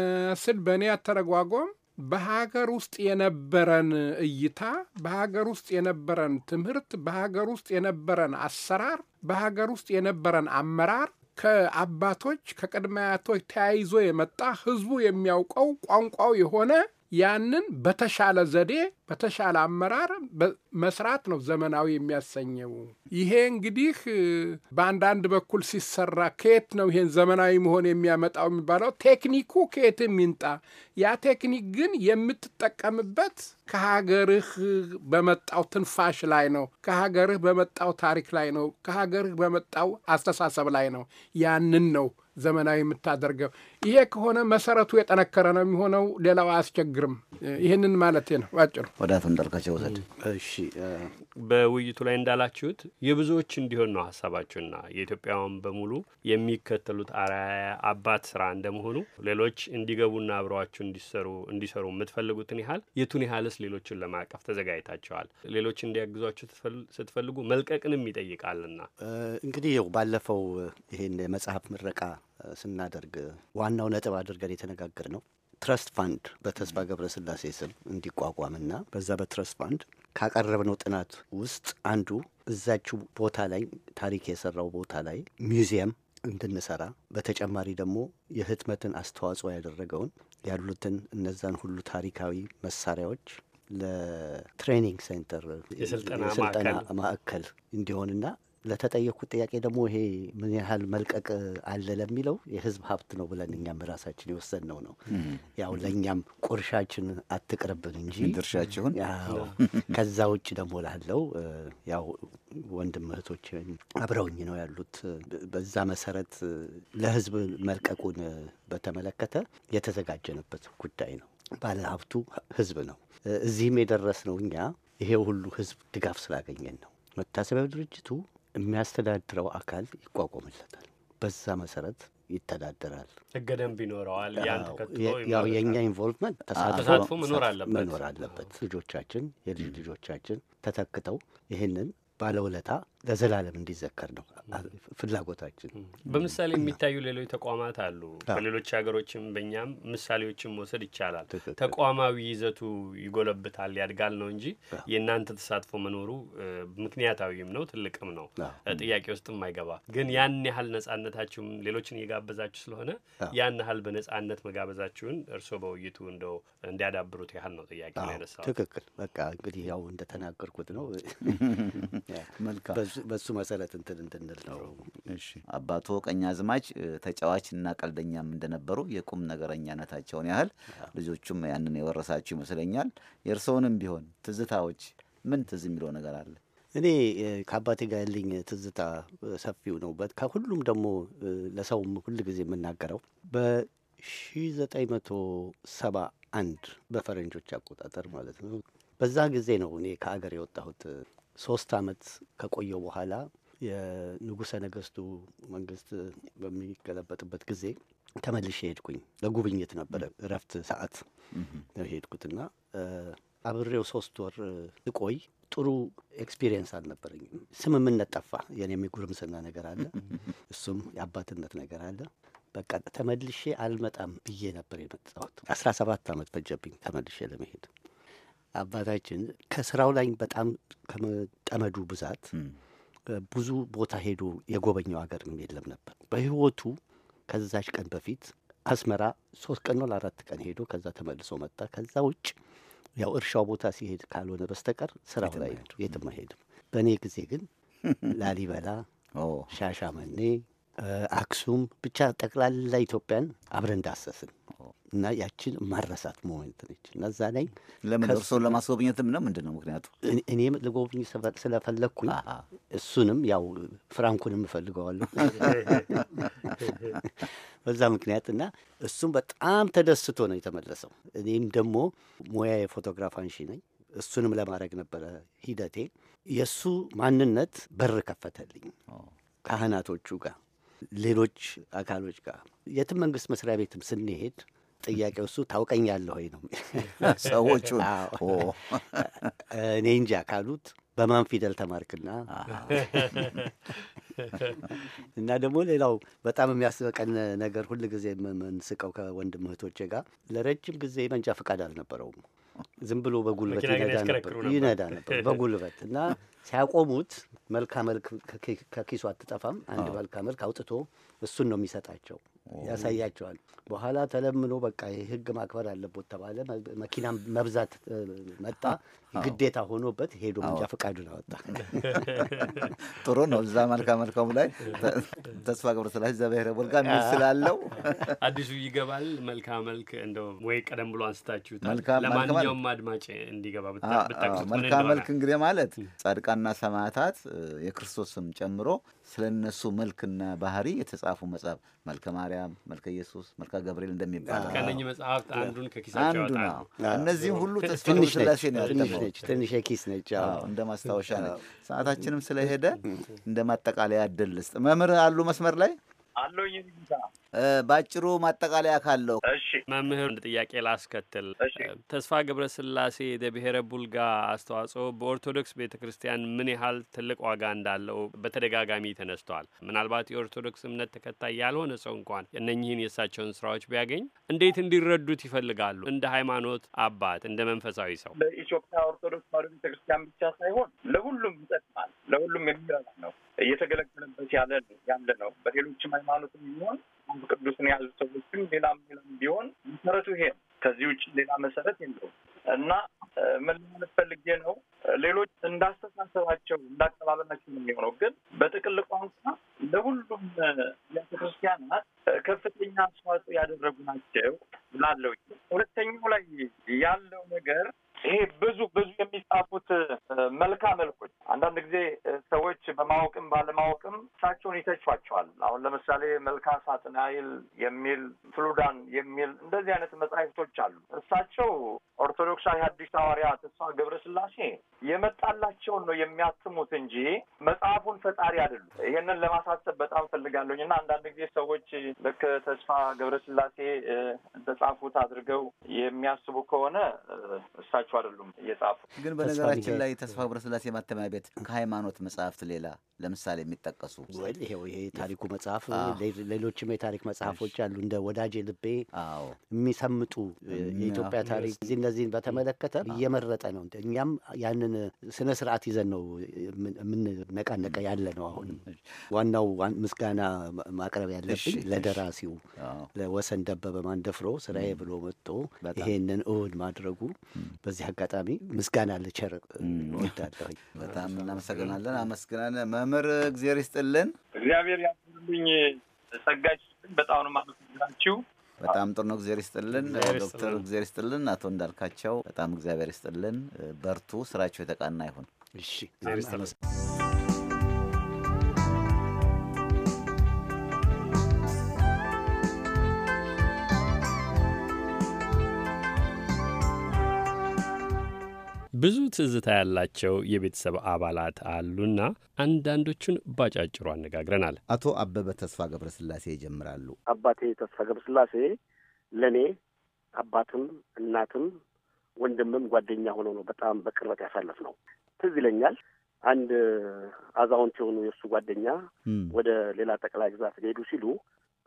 ስል በእኔ አተረጓጎም በሀገር ውስጥ የነበረን እይታ፣ በሀገር ውስጥ የነበረን ትምህርት፣ በሀገር ውስጥ የነበረን አሰራር፣ በሀገር ውስጥ የነበረን አመራር ከአባቶች ከቅድመ አያቶች ተያይዞ የመጣ ህዝቡ የሚያውቀው ቋንቋው የሆነ ያንን በተሻለ ዘዴ በተሻለ አመራር መስራት ነው ዘመናዊ የሚያሰኘው። ይሄ እንግዲህ በአንዳንድ በኩል ሲሰራ ከየት ነው ይሄን ዘመናዊ መሆን የሚያመጣው የሚባለው ቴክኒኩ ከየት ይምጣ፣ ያ ቴክኒክ ግን የምትጠቀምበት ከሀገርህ በመጣው ትንፋሽ ላይ ነው፣ ከሀገርህ በመጣው ታሪክ ላይ ነው፣ ከሀገርህ በመጣው አስተሳሰብ ላይ ነው። ያንን ነው ዘመናዊ የምታደርገው። ይሄ ከሆነ መሰረቱ የጠነከረ ነው የሚሆነው። ሌላው አያስቸግርም። ይህንን ማለት ነው ባጭሩ። ወደ አቶ እንዳልካቸው ወሰድ። እሺ በውይይቱ ላይ እንዳላችሁት የብዙዎች እንዲሆን ነው ሀሳባችሁና የኢትዮጵያውያን በሙሉ የሚከተሉት አርአያ አባት ስራ እንደመሆኑ ሌሎች እንዲገቡና አብረዋችሁ እንዲሰሩ እንዲሰሩ የምትፈልጉትን ያህል የቱን ያህልስ ሌሎችን ለማቀፍ ተዘጋጅታቸዋል? ሌሎች እንዲያግዟችሁ ስትፈልጉ መልቀቅንም ይጠይቃልና እንግዲህ ው ባለፈው ይሄን የመጽሐፍ ምረቃ ስናደርግ ዋናው ነጥብ አድርገን የተነጋገር ነው ትረስት ፋንድ በተስፋ ገብረስላሴ ስም እንዲቋቋምና በዛ በትረስት ፋንድ ካቀረብነው ጥናት ውስጥ አንዱ እዛችው ቦታ ላይ ታሪክ የሰራው ቦታ ላይ ሚውዚየም እንድንሰራ በተጨማሪ ደግሞ የህትመትን አስተዋጽኦ ያደረገውን ያሉትን እነዛን ሁሉ ታሪካዊ መሳሪያዎች ለትሬኒንግ ሴንተር የስልጠና ማዕከል እንዲሆንና ለተጠየኩት ጥያቄ ደግሞ ይሄ ምን ያህል መልቀቅ አለ ለሚለው የህዝብ ሀብት ነው ብለን እኛም ራሳችን የወሰንነው ነው። ያው ለእኛም ቁርሻችን አትቅርብን እንጂ ድርሻችሁን። ከዛ ውጭ ደግሞ ላለው ያው ወንድም እህቶች አብረውኝ ነው ያሉት። በዛ መሰረት ለህዝብ መልቀቁን በተመለከተ የተዘጋጀንበት ጉዳይ ነው። ባለ ሀብቱ ህዝብ ነው። እዚህም የደረስነው እኛ ይሄ ሁሉ ህዝብ ድጋፍ ስላገኘን ነው። መታሰቢያው ድርጅቱ የሚያስተዳድረው አካል ይቋቋምለታል። በዛ መሰረት ይተዳደራል። ህገ ደንብ ይኖረዋል። ያው የእኛ ኢንቮልቭመንት ተሳትፎ መኖር አለበት። ልጆቻችን፣ የልጅ ልጆቻችን ተተክተው ይህንን ባለውለታ ለዘላለም እንዲዘከር ነው ፍላጎታችን። በምሳሌ የሚታዩ ሌሎች ተቋማት አሉ። በሌሎች ሀገሮችም በእኛም ምሳሌዎችን መውሰድ ይቻላል። ተቋማዊ ይዘቱ ይጎለብታል፣ ያድጋል ነው እንጂ የእናንተ ተሳትፎ መኖሩ ምክንያታዊም ነው፣ ትልቅም ነው፣ ጥያቄ ውስጥም አይገባ። ግን ያን ያህል ነጻነታችሁም ሌሎችን እየጋበዛችሁ ስለሆነ ያን ያህል በነጻነት መጋበዛችሁን እርስዎ በውይይቱ እንደው እንዲያዳብሩት ያህል ነው ጥያቄ ነው ያነሳው። ትክክል። በቃ እንግዲህ ያው እንደተናገርኩት ነው። መልካም በሱ መሰረት እንትን እንድንል ነው። አባቶ ቀኛ ዝማች ተጫዋች እና ቀልደኛም እንደነበሩ የቁም ነገረኛነታቸውን ያህል ልጆቹም ያንን የወረሳችሁ ይመስለኛል። የእርስዎንም ቢሆን ትዝታዎች ምን ትዝ የሚለው ነገር አለ? እኔ ከአባቴ ጋር ያለኝ ትዝታ ሰፊው ነው። ከሁሉም ደግሞ ለሰውም ሁል ጊዜ የምናገረው በ1971 በፈረንጆች አቆጣጠር ማለት ነው በዛ ጊዜ ነው እኔ ከአገር የወጣሁት። ሶስት አመት ከቆየው በኋላ የንጉሰ ነገስቱ መንግስት በሚገለበጥበት ጊዜ ተመልሼ ሄድኩኝ። ለጉብኝት ነበረ እረፍት ሰዓት ነው የሄድኩትና አብሬው ሶስት ወር ልቆይ ጥሩ ኤክስፒሪየንስ አልነበረኝም። ስምምነት ጠፋ። የኔ የሚጉርምስና ነገር አለ፣ እሱም የአባትነት ነገር አለ። በቃ ተመልሼ አልመጣም ብዬ ነበር የመጣሁት። አስራ ሰባት አመት ፈጀብኝ ተመልሼ ለመሄድ። አባታችን ከስራው ላይ በጣም ከመጠመዱ ብዛት ብዙ ቦታ ሄዶ የጎበኘው ሀገር የለም ነበር። በህይወቱ ከዛች ቀን በፊት አስመራ ሶስት ቀን ነው ለአራት ቀን ሄዶ ከዛ ተመልሶ መጣ። ከዛ ውጭ ያው እርሻው ቦታ ሲሄድ ካልሆነ በስተቀር ስራው ላይ የትም አይሄድም። በእኔ ጊዜ ግን ላሊበላ፣ ሻሻመኔ አክሱም ብቻ ጠቅላላ ኢትዮጵያን አብረን እንዳሰስን እና ያችን ማረሳት ሞመንት ነች እና እዛ ላይ ለምን እርስዎን ለማስጎብኘትም ነው ምንድን ነው ምክንያቱ? እኔም ልጎብኝ ስለፈለግኩ እሱንም ያው ፍራንኩንም እፈልገዋለሁ <laughs> በዛ ምክንያት እና እሱም በጣም ተደስቶ ነው የተመለሰው። እኔም ደግሞ ሙያ የፎቶግራፍ አንሺ ነኝ። እሱንም ለማድረግ ነበረ ሂደቴ። የእሱ ማንነት በር ከፈተልኝ ካህናቶቹ ጋር ሌሎች አካሎች ጋር የትም መንግስት መስሪያ ቤትም ስንሄድ ጥያቄው እሱ ታውቀኛለህ ወይ ነው። <laughs> ሰዎቹ <laughs> እኔ እንጂ አካሉት በማን ፊደል ተማርክና <laughs> እና ደግሞ ሌላው በጣም የሚያስበቀን ነገር ሁል ጊዜ የምንስቀው ከወንድም እህቶቼ ጋር ለረጅም ጊዜ መንጃ ፈቃድ አልነበረውም። ዝም ብሎ በጉልበት ይነዳ ነበር በጉልበት እና ሲያቆሙት መልካ መልክ ከኪሱ አትጠፋም። አንድ መልካ መልክ አውጥቶ እሱን ነው የሚሰጣቸው። ያሳያቸዋል። በኋላ ተለምኖ በቃ ህግ ማክበር አለቦት ተባለ። መኪና መብዛት መጣ፣ ግዴታ ሆኖበት ሄዶ መንጃ ፈቃዱን አወጣ። <laughs> ጥሩ ነው። እዛ መልካ መልካሙ ላይ ተስፋ ገብረስላሴ ዘብሔረ ቦልጋ ሚል ስላለው <laughs> አዲሱ ይገባል። መልካ መልክ እንደው ወይ ቀደም ብሎ አንስታችሁታል። ለማንኛውም አድማጭ እንዲገባ መልካ መልክ እንግዲህ ማለት ጻድቃና ሰማዕታት የክርስቶስም ጨምሮ ስለ እነሱ መልክና ባህሪ የተጻፉ መጽሐፍ መልከ ማርያም፣ መልከ ኢየሱስ፣ መልከ ገብርኤል እንደሚባል ከእነኝህ መጽሐፍት አንዱን ከኪሳቸው ያወጣሉ። እነዚህም ሁሉ ተስፋ ስላሴ ነው ትንሽ የኪስ ነች፣ እንደ ማስታወሻ ነች። ሰዓታችንም ስለሄደ እንደ ማጠቃለያ እድል ልስጥ። መምህር አሉ መስመር ላይ አለኝ በአጭሩ ማጠቃለያ ካለው መምህር ጥያቄ ላስከትል። ተስፋ ገብረስላሴ የብሔረ ቡልጋ አስተዋጽኦ በኦርቶዶክስ ቤተ ክርስቲያን ምን ያህል ትልቅ ዋጋ እንዳለው በተደጋጋሚ ተነስቷል። ምናልባት የኦርቶዶክስ እምነት ተከታይ ያልሆነ ሰው እንኳን እነኚህን የእሳቸውን ስራዎች ቢያገኝ እንዴት እንዲረዱት ይፈልጋሉ? እንደ ሃይማኖት አባት፣ እንደ መንፈሳዊ ሰው ለኢትዮጵያ ኦርቶዶክስ ተዋሕዶ ቤተ ክርስቲያን ብቻ ሳይሆን ለሁሉም ይጠቅማል፣ ለሁሉም የሚረዳ ነው። እየተገለገለበት ያለ ያለ ነው። በሌሎችም ሃይማኖትም ይሆን መጽሐፍ ቅዱስን የያዙ ሰዎችም ሌላም ሌላም ቢሆን መሰረቱ ይሄ ነው። ከዚህ ውጭ ሌላ መሰረት የለውም እና ምን ለማለት ፈልጌ ነው፣ ሌሎች እንዳስተሳሰባቸው እንዳቀባበላቸው የሚሆነው። ግን በጥቅል ቋንቋ ለሁሉም ቤተ ክርስቲያናት ከፍተኛ አስተዋጽኦ ያደረጉ ናቸው ላለው ሁለተኛው ላይ ያለው ነገር ይሄ ብዙ ብዙ የሚጻፉት መልካ መልኮች አንዳንድ ጊዜ ሰዎች በማወቅም ባለማወቅም እሳቸውን ይተቿቸዋል። አሁን ለምሳሌ መልካ ሳጥናይል የሚል ፍሉዳን የሚል እንደዚህ አይነት መጽሐፍቶች አሉ። እሳቸው ኦርቶዶክሳዊ ሐዲስ ሐዋርያ ተስፋ ገብረስላሴ የመጣላቸውን ነው የሚያትሙት እንጂ መጽሐፉን ፈጣሪ አይደሉም። ይሄንን ለማሳሰብ በጣም ፈልጋለሁኝ እና አንዳንድ ጊዜ ሰዎች ልክ ተስፋ ገብረስላሴ እንደጻፉት አድርገው የሚያስቡ ከሆነ እሳቸው እሳቸው አይደሉም እየጻፉ። ግን በነገራችን ላይ ተስፋ ገብረስላሴ ማተሚያ ቤት ከሃይማኖት መጽሐፍት ሌላ ለምሳሌ የሚጠቀሱ ይሄው ይሄ ታሪኩ መጽሐፍ፣ ሌሎችም የታሪክ መጽሐፎች አሉ እንደ ወዳጄ ልቤ የሚሰምጡ የኢትዮጵያ ታሪክ እዚህ እነዚህን በተመለከተ እየመረጠ ነው። እኛም ያንን ስነ ስርዓት ይዘን ነው የምንነቃነቀ ያለ ነው። አሁን ዋናው ምስጋና ማቅረብ ያለብኝ ለደራሲው ለወሰን ደበበ ማንደፍሮ ስራዬ ብሎ መጥቶ ይሄንን እውን ማድረጉ በዚ በዚህ አጋጣሚ ምስጋና ልቸር እወዳለሁ። <laughs> በጣም እናመሰግናለን። አመስግናን መምህር እግዚአብሔር ይስጥልን። እግዚአብሔር ያስልኝ። ጸጋች በጣም ነው ማመሰግናችሁ። በጣም ጥሩ ነው። እግዚአብሔር ይስጥልን። ዶክተር እግዚአብሔር ይስጥልን። አቶ እንዳልካቸው በጣም እግዚአብሔር ይስጥልን። በርቱ። ስራቸው የተቃና ይሁን። እሺ። ብዙ ትዝታ ያላቸው የቤተሰብ አባላት አሉና አንዳንዶቹን ባጫጭሩ አነጋግረናል። አቶ አበበ ተስፋ ገብረስላሴ ይጀምራሉ። አባቴ ተስፋ ገብረስላሴ ለእኔ አባትም እናትም ወንድምም ጓደኛ ሆኖ ነው በጣም በቅርበት ያሳለፍ ነው። ትዝ ይለኛል አንድ አዛውንት የሆኑ የእሱ ጓደኛ ወደ ሌላ ጠቅላይ ግዛት ሊሄዱ ሲሉ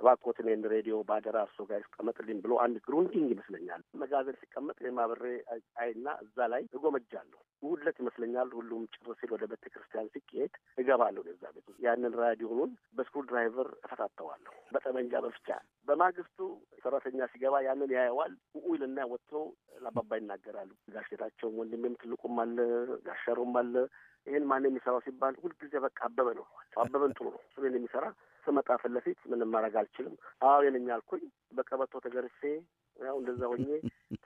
እባክዎትን ይህን ሬዲዮ ባደራ እርሶ ጋር ይስቀመጥልኝ ብሎ አንድ ግሩንዲንግ ይመስለኛል መጋዘን ሲቀመጥ የማብሬ አይና እዛ ላይ እጎመጃለሁ። እሑድ ዕለት ይመስለኛል ሁሉም ጭር ሲል ወደ ቤተ ክርስቲያን ሲሄድ እገባለሁ። እዛ ቤት ያንን ራዲዮኑን በስክሩ ድራይቨር እፈታተዋለሁ በጠመንጃ መፍቻ። በማግስቱ ሰራተኛ ሲገባ ያንን ያየዋል። ውይልና ወጥቶ ለአባባ ይናገራሉ። ጋሼታቸውም ወንድሜም ትልቁም አለ ጋሻሩም አለ። ይህን ማን የሚሰራው ሲባል ሁልጊዜ በቃ አበበ ነው አበበን ጥሩ ነው እሱን የሚሰራ ስመጣ ፊት ለፊት ምንም ማድረግ አልችልም። አዎ ነኝ አልኩኝ። በቀበቶ ተገርፌ ያው እንደዛ ሆኜ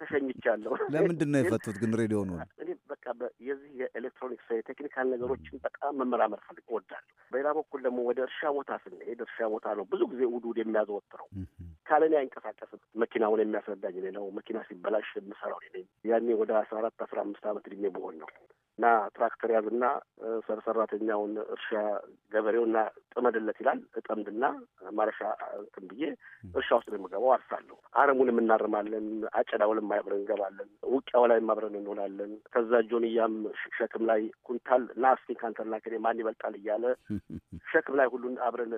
ተሸኝቻለሁ። <laughs> ለምንድን ነው የፈቱት ግን ሬዲዮ ነው? እኔ በቃ የዚህ የኤሌክትሮኒክስ የቴክኒካል ነገሮችን በጣም መመራመር ፈልግ እወዳለሁ። በሌላ በኩል ደግሞ ወደ እርሻ ቦታ ስንሄድ እርሻ ቦታ ነው ብዙ ጊዜ እሑድ ውድ የሚያዘወትረው ካለኔ አይንቀሳቀስም። መኪናውን የሚያስረዳኝ እኔ ነው። መኪና ሲበላሽ የምሰራው እኔ ነኝ። ያኔ ወደ አስራ አራት አስራ አምስት አመት እድሜ ብሆን ነው እና ትራክተር ያዝና ሰር ሰራተኛውን እርሻ ገበሬውና ጥመድለት ይላል። እጠምድና ማረሻ እንትን ብዬ እርሻ ውስጥ ነው የምገባው፣ አርሳለሁ። አረሙንም እናርማለን፣ አጨዳውንም አብረን እንገባለን፣ ውቂያው ላይም አብረን እንውላለን። ከዛ ጆንያም ሸክም ላይ ኩንታል ና እስኪ ካንተና ከኔ ማን ይበልጣል እያለ <laughs> ሸክም ላይ ሁሉን አብረን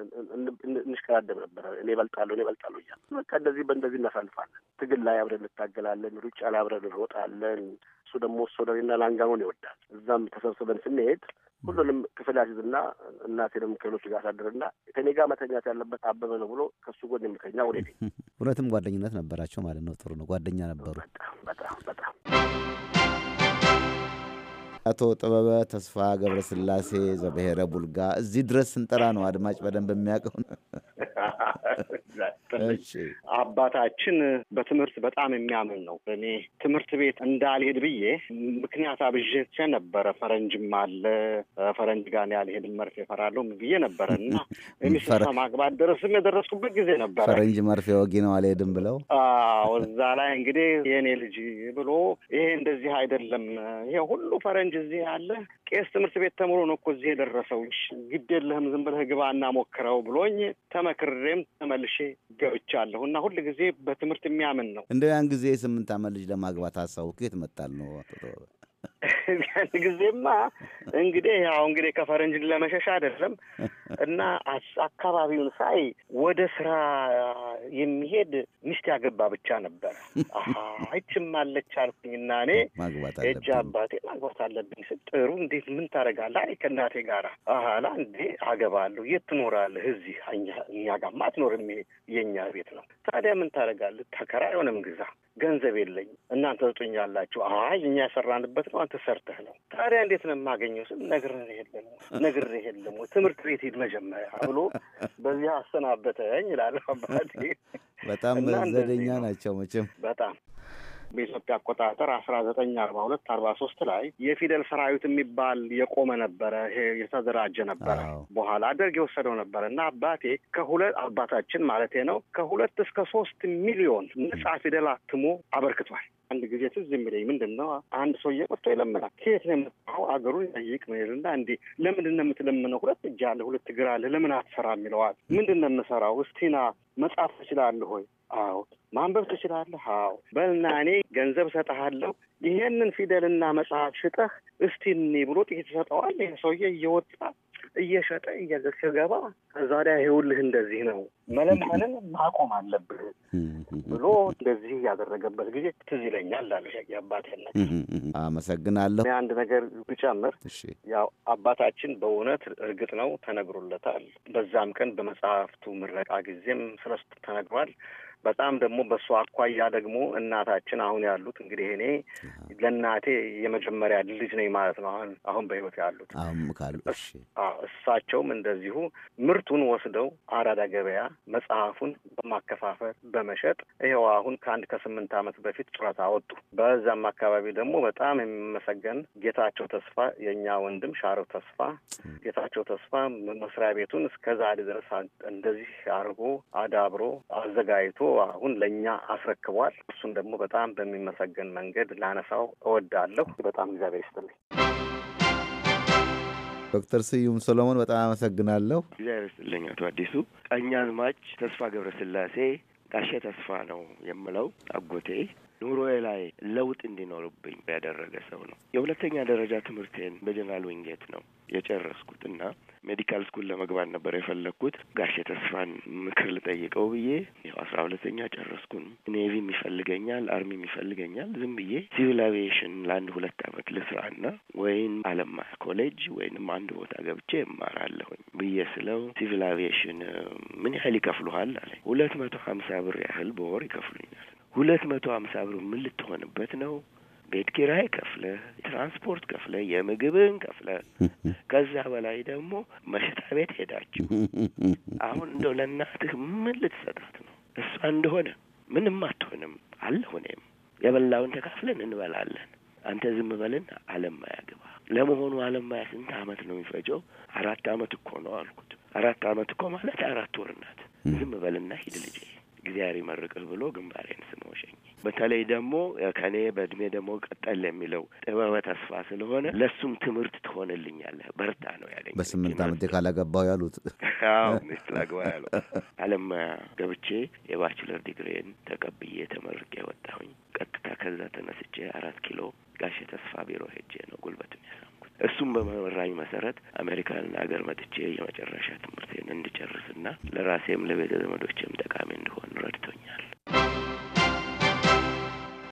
እንሽከዳደብ ነበረ። እኔ እበልጣለሁ፣ እኔ እበልጣለሁ እያለ በቃ እንደዚህ በእንደዚህ እናሳልፋለን። ትግል ላይ አብረን እንታገላለን፣ ሩጫ ላይ አብረን እንሮጣለን። እሱ ደግሞ ሶደሬና ላንጋኖን ይወዳል። እዛም ተሰብስበን ስንሄድ ሁሉንም ክፍል ያስይዝና እናቴ ደግሞ ከሌሎች ጋር አሳድርና ከኔ ጋር መተኛት ያለበት አበበ ነው ብሎ ከሱ ጎን የምተኛ ወደ እውነትም ጓደኝነት ነበራቸው ማለት ነው። ጥሩ ነው፣ ጓደኛ ነበሩ። በጣም በጣም አቶ ጥበበ ተስፋ ገብረስላሴ ዘብሔረ ቡልጋ እዚህ ድረስ ስንጠራ ነው አድማጭ በደንብ የሚያውቀው <laughs> ይስጥልኝ። አባታችን በትምህርት በጣም የሚያምን ነው። እኔ ትምህርት ቤት እንዳልሄድ ብዬ ምክንያት አብዤ ነበረ። ፈረንጅም አለ ፈረንጅ ጋር ያልሄድ መርፌ እፈራለሁ ብዬ ነበረ እና ሚስሳ <laughs> ማግባት ድረስም የደረስኩበት ጊዜ ነበረ። ፈረንጅ መርፌ ወጊ ነው አልሄድም ብለው እዛ ላይ እንግዲህ የእኔ ልጅ ብሎ ይሄ እንደዚህ አይደለም፣ ይሄ ሁሉ ፈረንጅ እዚህ አለ። ቄስ ትምህርት ቤት ተምሮ ነው እኮ እዚህ የደረሰው። ግድ የለህም ዝም ብለህ ግባና ሞክረው ብሎኝ ተመክሬም ተመልሼ ገብቻለሁ እና ሁል ጊዜ በትምህርት የሚያምን ነው። እንደው ያን ጊዜ የስምንት ዓመት ልጅ ለማግባት ሀሳቡ ከየት መጣል ነው? ያን ጊዜማ እንግዲህ ያው እንግዲህ ከፈረንጅን ለመሸሽ አይደለም እና አካባቢውን ሳይ ወደ ስራ የሚሄድ ሚስት ያገባ ብቻ ነበር። አይችም አለች አልኩኝና እኔ እጅ አባቴ ማግባት አለብኝ ስጥሩ እንዴት ምን ታደርጋለህ? አይ ከእናቴ ጋር አላ እንዴ አገባለሁ። የት ትኖራለህ? እዚህ እኛ ጋማ አትኖርም፣ የእኛ ቤት ነው። ታዲያ ምን ታደርጋለህ? ተከራይ ሆነም ግዛ ገንዘብ የለኝ እናንተ ትጡኛላችሁ። አይ እኛ ያሰራንበት ነው ተሰርተህ ነው። ታዲያ እንዴት ነው የማገኘው ስል ነግሬህ የለም ነግሬህ የለም ትምህርት ቤት ሂድ መጀመሪያ ብሎ በዚህ አሰናበተኝ ይላል አባቴ። በጣም ዘደኛ ናቸው መቼም በጣም በኢትዮጵያ አቆጣጠር አስራ ዘጠኝ አርባ ሁለት አርባ ሶስት ላይ የፊደል ሰራዊት የሚባል የቆመ ነበረ። ይሄ የተደራጀ ነበረ። በኋላ ደርግ የወሰደው ነበረ እና አባቴ ከሁለት አባታችን ማለቴ ነው ከሁለት እስከ ሶስት ሚሊዮን ነጻ ፊደል አትሞ አበርክቷል። አንድ ጊዜ ትዝ የሚለኝ ምንድን ነው አንድ ሰውዬ ወጥቶ ይለምናል። ከየት ነው የመጣው? አገሩን ይጠይቅ ነው ይልና እንዴ ለምንድን ነው የምትለምነው? ሁለት እጅ አለ፣ ሁለት እግር አለ፣ ለምን አትሰራም ይለዋል። ምንድን ነው የምሰራው? እስቲና መጽሐፍ ትችላለህ ሆይ? አዎ። ማንበብ ትችላለህ? አዎ። በልና እኔ ገንዘብ እሰጥሃለሁ ይሄንን ፊደልና መጽሐፍ ሽጠህ እስቲ እስቲኒ ብሎ ጥቂት ይሰጠዋል። ይህ ሰውዬ እየወጣ እየሸጠ እየገባ ከዛ ወዲያ ይኸውልህ እንደዚህ ነው መለመንን ማቆም አለብህ ብሎ እንደዚህ ያደረገበት ጊዜ ትዝ ይለኛል አሉ የአባቴነት። አመሰግናለሁ። አንድ ነገር ብጨምር ያው አባታችን በእውነት እርግጥ ነው ተነግሮለታል። በዛም ቀን በመጽሐፍቱ ምረቃ ጊዜም ስለሱ ተነግሯል። በጣም ደግሞ በእሱ አኳያ ደግሞ እናታችን አሁን ያሉት እንግዲህ እኔ ለእናቴ የመጀመሪያ ልጅ ነኝ ማለት ነው። አሁን አሁን በህይወት ያሉት እሳቸውም እንደዚሁ ምርቱን ወስደው አራዳ ገበያ መጽሐፉን በማከፋፈል በመሸጥ ይኸው አሁን ከአንድ ከስምንት ዓመት በፊት ጡረታ አወጡ። በዛም አካባቢ ደግሞ በጣም የሚመሰገን ጌታቸው ተስፋ የእኛ ወንድም ሻረው ተስፋ ጌታቸው ተስፋ መስሪያ ቤቱን እስከ ድረስ እንደዚህ አርጎ አዳብሮ አዘጋጅቶ አሁን ለእኛ አስረክቧል። እሱን ደግሞ በጣም በሚመሰገን መንገድ ላነሳው እወዳለሁ። በጣም እግዚአብሔር ይስጥልኝ። ዶክተር ስዩም ሶሎሞን በጣም አመሰግናለሁ። እግዚአብሔር ይስጥልኝ አቶ አዲሱ። አዝማጭ ተስፋ ገብረስላሴ ጋሼ ተስፋ ነው የምለው አጎቴ ኑሮዬ ላይ ለውጥ እንዲኖርብኝ ያደረገ ሰው ነው። የሁለተኛ ደረጃ ትምህርቴን በጀነራል ዊንጌት ነው የጨረስኩት እና ሜዲካል ስኩል ለመግባት ነበር የፈለግኩት። ጋሼ ተስፋን ምክር ልጠይቀው ብዬ ያው አስራ ሁለተኛ ጨረስኩን። ኔቪም ይፈልገኛል፣ አርሚም ይፈልገኛል። ዝም ብዬ ሲቪል አቪዬሽን ለአንድ ሁለት አመት ልስራና ወይም አለማ ኮሌጅ ወይንም አንድ ቦታ ገብቼ እማራለሁኝ ብዬ ስለው ሲቪል አቪዬሽን ምን ያህል ይከፍሉሃል አለኝ። ሁለት መቶ ሀምሳ ብር ያህል በወር ይከፍሉኛል። ሁለት መቶ ሀምሳ ብር ምን ልትሆንበት ነው? ቤት ኪራይ ከፍለ፣ ትራንስፖርት ከፍለ፣ የምግብን ከፍለ፣ ከዛ በላይ ደግሞ መሸጣ ቤት ሄዳችሁ አሁን እንደው ለእናትህ ምን ልትሰጣት ነው? እሷ እንደሆነ ምንም አትሆንም አለሁ። እኔም የበላውን ተካፍለን እንበላለን። አንተ ዝም በልን ዓለም አያግባ። ለመሆኑ አለማያ ስንት አመት ነው የሚፈጀው? አራት አመት እኮ ነው አልኩት። አራት አመት እኮ ማለት አራት ወር ዝም በልና ሂድ ልጄ እግዚአብሔር ይመርቅህ ብሎ ግንባሬን ስሞ ሸኝ። በተለይ ደግሞ ከኔ በእድሜ ደግሞ ቀጠል የሚለው ጥበበ ተስፋ ስለሆነ ለሱም ትምህርት ትሆንልኛለህ፣ በርታ ነው ያለኝ። በስምንት ዓመቴ ካላገባው ያሉት ሚስት ላግባ ያሉ አለም ገብቼ የባችለር ዲግሪን ተቀብዬ ተመርቄ ወጣሁኝ። ቀጥታ ከዛ ተነስቼ አራት ኪሎ ጋሽ ተስፋ ቢሮ ሄጄ ነው ጉልበት ሚያስ እሱም በመራኝ መሰረት አሜሪካን ሀገር መጥቼ የመጨረሻ ትምህርቴን እንድጨርስና ለራሴም ለቤተ ዘመዶችም ጠቃሚ እንዲሆን ረድቶኛል።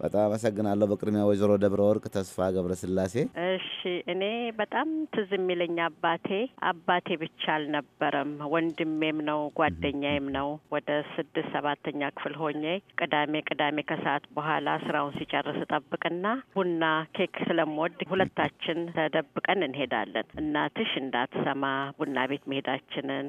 በጣም አመሰግናለሁ። በቅድሚያ ወይዘሮ ደብረ ወርቅ ተስፋ ገብረስላሴ። እሺ፣ እኔ በጣም ትዝ የሚለኝ አባቴ አባቴ ብቻ አልነበረም፣ ወንድሜም ነው፣ ጓደኛዬም ነው። ወደ ስድስት ሰባተኛ ክፍል ሆኜ ቅዳሜ ቅዳሜ ከሰዓት በኋላ ስራውን ሲጨርስ ጠብቅና ቡና ኬክ ስለምወድ ሁለታችን ተደብቀን እንሄዳለን። እናትሽ እንዳትሰማ ቡና ቤት መሄዳችንን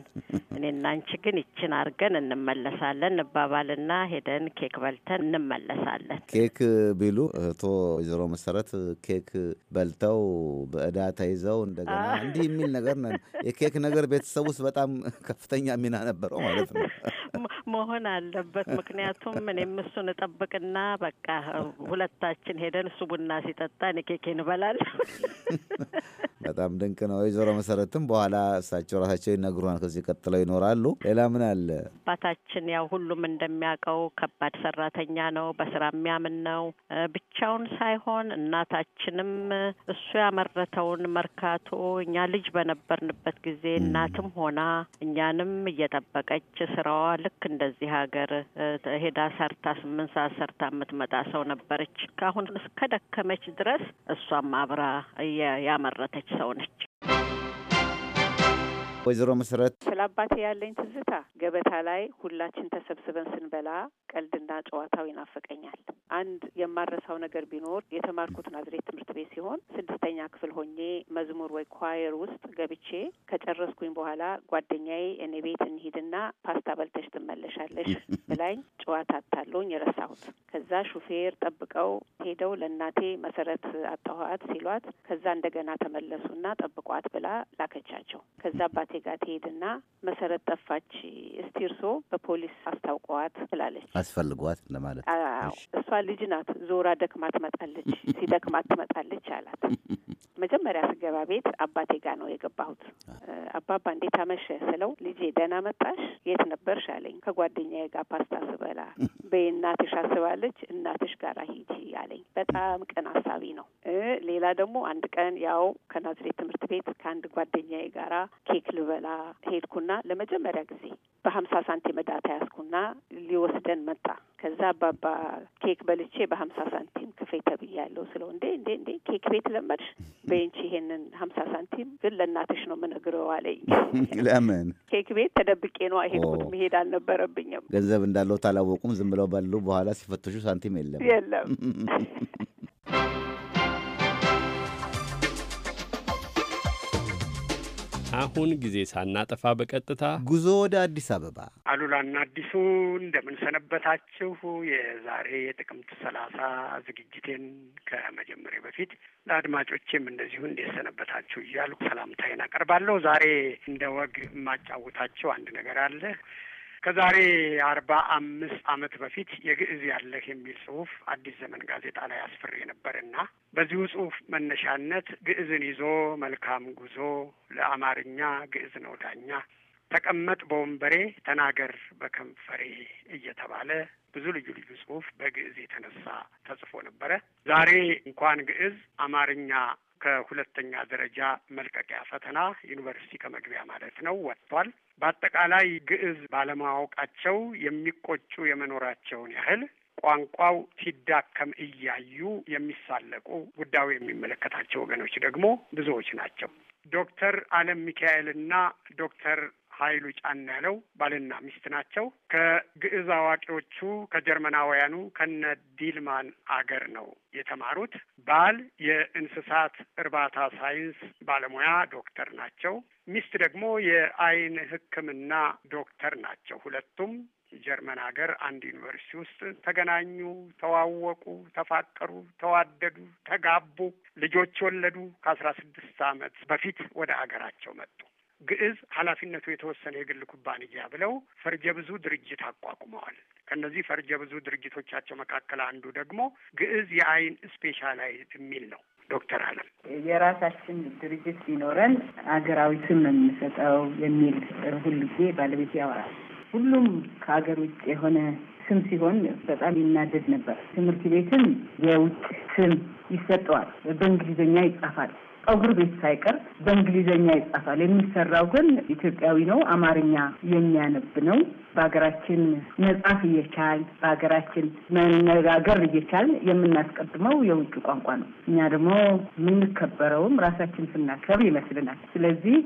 እኔና አንቺ ግን ይችን አድርገን እንመለሳለን እንባባልና ሄደን ኬክ በልተን እንመለሳለን። ኬክ ቢሉ እህቶ ወይዘሮ መሰረት ኬክ በልተው በእዳ ተይዘው እንደገና እንዲህ የሚል ነገር ነ የኬክ ነገር ቤተሰብ ውስጥ በጣም ከፍተኛ ሚና ነበረው ማለት ነው መሆን አለበት። ምክንያቱም እኔም እሱን እጠብቅና በቃ ሁለታችን ሄደን እሱ ቡና ሲጠጣ እኔ ኬኬን በጣም ድንቅ ነው። ወይዘሮ መሰረትም በኋላ እሳቸው ራሳቸው ይነግሩናል። ከዚህ ቀጥለው ይኖራሉ። ሌላ ምን አለ? አባታችን ያው ሁሉም እንደሚያውቀው ከባድ ሰራተኛ ነው። በስራ የሚያምን ነው ነው። ብቻውን ሳይሆን እናታችንም እሱ ያመረተውን መርካቶ እኛ ልጅ በነበርንበት ጊዜ እናትም ሆና እኛንም እየጠበቀች ስራዋ ልክ እንደዚህ ሀገር ሄዳ ሰርታ ስምንት ሰዓት ሰርታ የምትመጣ ሰው ነበረች። ከአሁን እስከ ደከመች ድረስ እሷም አብራ ያመረተች ሰው ነች። ወይዘሮ መሰረት ስለ አባቴ ያለኝ ትዝታ ገበታ ላይ ሁላችን ተሰብስበን ስንበላ ቀልድና ጨዋታው ይናፍቀኛል። አንድ የማረሳው ነገር ቢኖር የተማርኩት ናዝሬት ትምህርት ቤት ሲሆን ስድስተኛ ክፍል ሆኜ መዝሙር ወይ ኳየር ውስጥ ገብቼ ከጨረስኩኝ በኋላ ጓደኛዬ እኔ ቤት እንሂድና ፓስታ በልተሽ ትመለሻለሽ <laughs> ብላኝ ጨዋታ አታለውኝ የረሳሁት። ከዛ ሹፌር ጠብቀው ሄደው ለእናቴ መሰረት አጣኋት ሲሏት ከዛ እንደገና ተመለሱና ጠብቋት ብላ ላከቻቸው። ከዛ አባቴ እናቴ ጋር ትሄድና መሰረት ጠፋች፣ እስቲ እርሶ በፖሊስ አስታውቀዋት ትላለች። አስፈልጓት ለማለት እሷ ልጅ ናት። ዞራ ደክማ ትመጣለች፣ ሲደክማ ትመጣለች አላት። <laughs> መጀመሪያ ስገባ ቤት አባቴ ጋር ነው የገባሁት። አባባ እንዴት አመሸ ስለው ልጄ ደህና መጣሽ፣ የት ነበርሽ አለኝ። ከጓደኛዬ ጋር ፓስታ ስበላ <laughs> በይ እናትሽ አስባለች፣ እናትሽ ጋር ሂጂ አለኝ። በጣም ቀን አሳቢ ነው። ሌላ ደግሞ አንድ ቀን ያው ከናዝሬት ትምህርት ቤት ከአንድ ጓደኛዬ ጋራ ኬክ ልበላ ሄድኩና ለመጀመሪያ ጊዜ በሀምሳ ሳንቲም እዳታ ተያዝኩና ሊወስደን መጣ። ከዛ አባባ ኬክ በልቼ በሀምሳ ሳንቲም ክፌ ተብያለሁ ስለው እንዴ እንዴ እንዴ ኬክ ቤት ለመድሽ በንቺ ይሄንን ሀምሳ ሳንቲም ግን ለእናትሽ ነው የምነግረው አለኝ። <laughs> ለምን ኬክ ቤት ተደብቄ ነው ሄድኩት። መሄድ አልነበረብኝም። ገንዘብ እንዳለው ታላወቁም ዝም ብለው በሉ። በኋላ ሲፈትሹ ሳንቲም የለም የለም። <laughs> አሁን ጊዜ ሳናጠፋ በቀጥታ ጉዞ ወደ አዲስ አበባ። አሉላና አዲሱ እንደምንሰነበታችሁ። የዛሬ የጥቅምት ሰላሳ ዝግጅቴን ከመጀመሪያ በፊት ለአድማጮቼም እንደዚሁ እንዴት ሰነበታችሁ እያልኩ ሰላምታዬን አቀርባለሁ። ዛሬ እንደ ወግ የማጫውታችሁ አንድ ነገር አለ። ከዛሬ አርባ አምስት ዓመት በፊት የግዕዝ ያለህ የሚል ጽሁፍ አዲስ ዘመን ጋዜጣ ላይ አስፍሬ ነበርና በዚሁ ጽሁፍ መነሻነት ግዕዝን ይዞ መልካም ጉዞ፣ ለአማርኛ ግዕዝ ነው ዳኛ፣ ተቀመጥ በወንበሬ ተናገር በከንፈሬ እየተባለ ብዙ ልዩ ልዩ ጽሁፍ በግዕዝ የተነሳ ተጽፎ ነበረ። ዛሬ እንኳን ግዕዝ አማርኛ ከሁለተኛ ደረጃ መልቀቂያ ፈተና ዩኒቨርሲቲ ከመግቢያ ማለት ነው ወጥቷል። በአጠቃላይ ግዕዝ ባለማወቃቸው የሚቆጩ የመኖራቸውን ያህል ቋንቋው ሲዳከም እያዩ የሚሳለቁ ጉዳዩ የሚመለከታቸው ወገኖች ደግሞ ብዙዎች ናቸው። ዶክተር አለም ሚካኤል እና ዶክተር ኃይሉ ጫን ያለው ባልና ሚስት ናቸው። ከግዕዝ አዋቂዎቹ ከጀርመናውያኑ ከነ ዲልማን አገር ነው የተማሩት። ባል የእንስሳት እርባታ ሳይንስ ባለሙያ ዶክተር ናቸው። ሚስት ደግሞ የአይን ሕክምና ዶክተር ናቸው። ሁለቱም ጀርመን ሀገር አንድ ዩኒቨርሲቲ ውስጥ ተገናኙ፣ ተዋወቁ፣ ተፋቀሩ፣ ተዋደዱ፣ ተጋቡ፣ ልጆች ወለዱ። ከአስራ ስድስት ዓመት በፊት ወደ ሀገራቸው መጡ። ግዕዝ ኃላፊነቱ የተወሰነ የግል ኩባንያ ብለው ፈርጀ ብዙ ድርጅት አቋቁመዋል። ከእነዚህ ፈርጀ ብዙ ድርጅቶቻቸው መካከል አንዱ ደግሞ ግዕዝ የአይን ስፔሻላይዝ የሚል ነው። ዶክተር አለም የራሳችን ድርጅት ሲኖረን አገራዊ ስም ነው የምንሰጠው የሚል ጊዜ ባለቤት ያወራል። ሁሉም ከሀገር ውጭ የሆነ ስም ሲሆን በጣም ይናደድ ነበር። ትምህርት ቤትም የውጭ ስም ይሰጠዋል፣ በእንግሊዝኛ ይጻፋል። ጸጉር ቤት ሳይቀር በእንግሊዝኛ ይጻፋል። የሚሰራው ግን ኢትዮጵያዊ ነው። አማርኛ የሚያነብ ነው። በሀገራችን መጻፍ እየቻል በሀገራችን መነጋገር እየቻል የምናስቀድመው የውጭ ቋንቋ ነው። እኛ ደግሞ የምንከበረውም ራሳችን ስናከብር ይመስልናል። ስለዚህ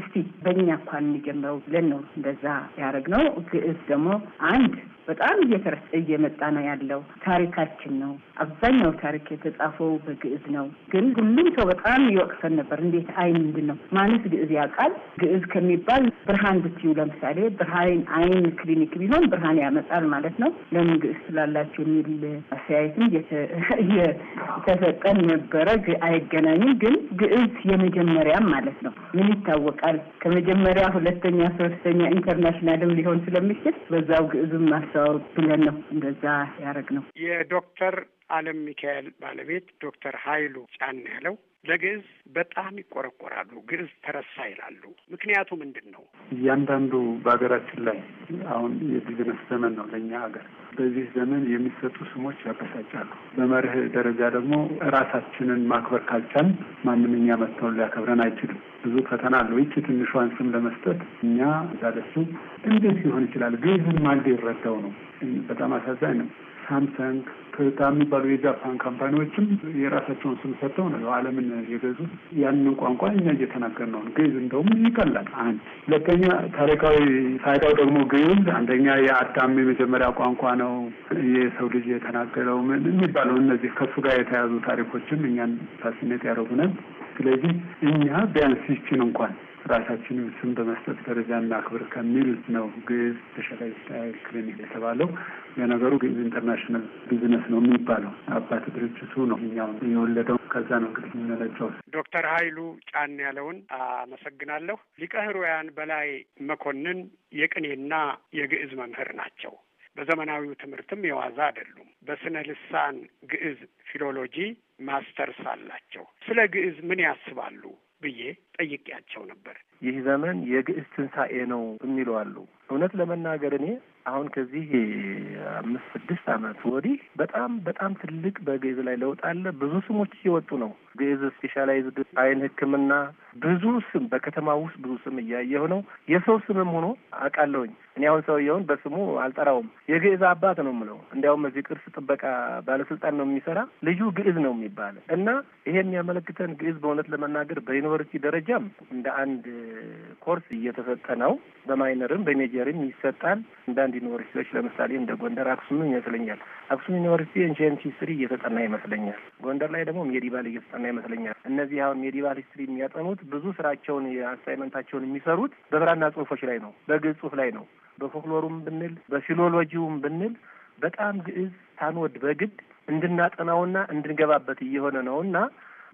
እስቲ በእኛ እንኳን እንጀምረው ብለን ነው እንደዛ ያደረግነው። ግዕዝ ደግሞ አንድ በጣም እየተረሳ እየመጣ ነው ያለው። ታሪካችን ነው። አብዛኛው ታሪክ የተጻፈው በግዕዝ ነው። ግን ሁሉም ሰው በጣም ይወቅሰን ነበር። እንዴት አይን ምንድን ነው ማንስ ግዕዝ ያውቃል? ግዕዝ ከሚባል ብርሃን ብትዩ ለምሳሌ ብርሃን አይን ክሊኒክ ቢሆን ብርሃን ያመጣል ማለት ነው። ለምን ግዕዝ ስላላቸው የሚል አስተያየትም እየተሰጠን <laughs> ነበረ። አይገናኝም፣ ግን ግዕዝ የመጀመሪያም ማለት ነው። ምን ይታወቃል? ከመጀመሪያ ሁለተኛ፣ ሶስተኛ ኢንተርናሽናልም ሊሆን ስለሚችል በዛው ግዕዝም ማስ ሰው ብለን ነው እንደዛ ነው። የዶክተር አለም ሚካኤል ባለቤት ዶክተር ሀይሉ ጫን ያለው ለግዕዝ በጣም ይቆረቆራሉ። ግዕዝ ተረሳ ይላሉ። ምክንያቱ ምንድን ነው? እያንዳንዱ በሀገራችን ላይ አሁን የቢዝነስ ዘመን ነው ለእኛ ሀገር። በዚህ ዘመን የሚሰጡ ስሞች ያበሳጫሉ። በመርህ ደረጃ ደግሞ ራሳችንን ማክበር ካልቻል ማንም እኛ መጥተውን ሊያከብረን አይችልም። ብዙ ፈተና አለው። ይቺ ትንሿን ስም ለመስጠት እኛ ዛለሱ እንዴት ሊሆን ይችላል? ግዕዝን ማን ሊረዳው ነው? በጣም አሳዛኝ ነው። ሳምሰንግ ቶዮታ የሚባሉ የጃፓን ካምፓኒዎችም የራሳቸውን ስም ሰጥተው ነው ዓለምን የገዙት። ያንን ቋንቋ እኛ እየተናገር ነው። ግዕዝ እንደውም ይቀላል። አንድ ሁለተኛ ታሪካዊ ሳይታው ደግሞ ግዕዝ አንደኛ የአዳም የመጀመሪያ ቋንቋ ነው የሰው ልጅ የተናገረው ምን የሚባለው እነዚህ ከሱ ጋር የተያዙ ታሪኮችም እኛን ፋሲኔት ያደረጉናል። ስለዚህ እኛ ቢያንስ ይችን እንኳን ራሳችንም ስም በመስጠት ደረጃ እናክብር ከሚል ነው ግዕዝ ተሻጋሪ ክሊኒክ የተባለው። የነገሩ ግዕዝ ኢንተርናሽናል ቢዝነስ ነው የሚባለው። አባት ድርጅቱ ነው እኛውን የወለደው። ከዛ ነው እንግዲህ የምንረጃው። ዶክተር ሀይሉ ጫን ያለውን አመሰግናለሁ። ሊቀ ሕሩያን በላይ መኮንን የቅኔና የግዕዝ መምህር ናቸው። በዘመናዊው ትምህርትም የዋዛ አይደሉም። በስነ ልሳን ግዕዝ ፊሎሎጂ ማስተርስ አላቸው። ስለ ግዕዝ ምን ያስባሉ? ብዬ ጠይቄያቸው ነበር። ይህ ዘመን የግዕዝ ትንሣኤ ነው የሚሉ አሉ። እውነት ለመናገር እኔ አሁን ከዚህ አምስት ስድስት ዓመት ወዲህ በጣም በጣም ትልቅ በግዕዝ ላይ ለውጥ አለ። ብዙ ስሞች እየወጡ ነው። ግዕዝ ስፔሻላይዝድ አይን ሕክምና ብዙ ስም በከተማ ውስጥ ብዙ ስም እያየሁ ነው። የሰው ስምም ሆኖ አውቃለሁኝ። እኔ አሁን ሰውየውን በስሙ አልጠራውም። የግዕዝ አባት ነው የምለው። እንዲያውም እዚህ ቅርስ ጥበቃ ባለስልጣን ነው የሚሰራ ልዩ ግዕዝ ነው የሚባል እና ይሄ የሚያመለክተን ግዕዝ በእውነት ለመናገር በዩኒቨርሲቲ ደረጃም እንደ አንድ ኮርስ እየተሰጠ ነው። በማይነርም በሜጀርም ይሰጣል። እንዳንድ አንዳንድ ዩኒቨርሲቲዎች ለምሳሌ እንደ ጎንደር አክሱምን ይመስለኛል አክሱም ዩኒቨርሲቲ ኤንሸንት ሂስትሪ እየተጠና ይመስለኛል። ጎንደር ላይ ደግሞ ሜዲቫል እየተጠና ይመስለኛል። እነዚህ አሁን ሜዲቫል ሂስትሪ የሚያጠኑት ብዙ ስራቸውን የአሳይመንታቸውን የሚሰሩት በብራና ጽሁፎች ላይ ነው፣ በግዕዝ ጽሁፍ ላይ ነው። በፎክሎሩም ብንል በፊሎሎጂውም ብንል በጣም ግዕዝ ሳንወድ በግድ እንድናጠናውና እንድንገባበት እየሆነ ነውና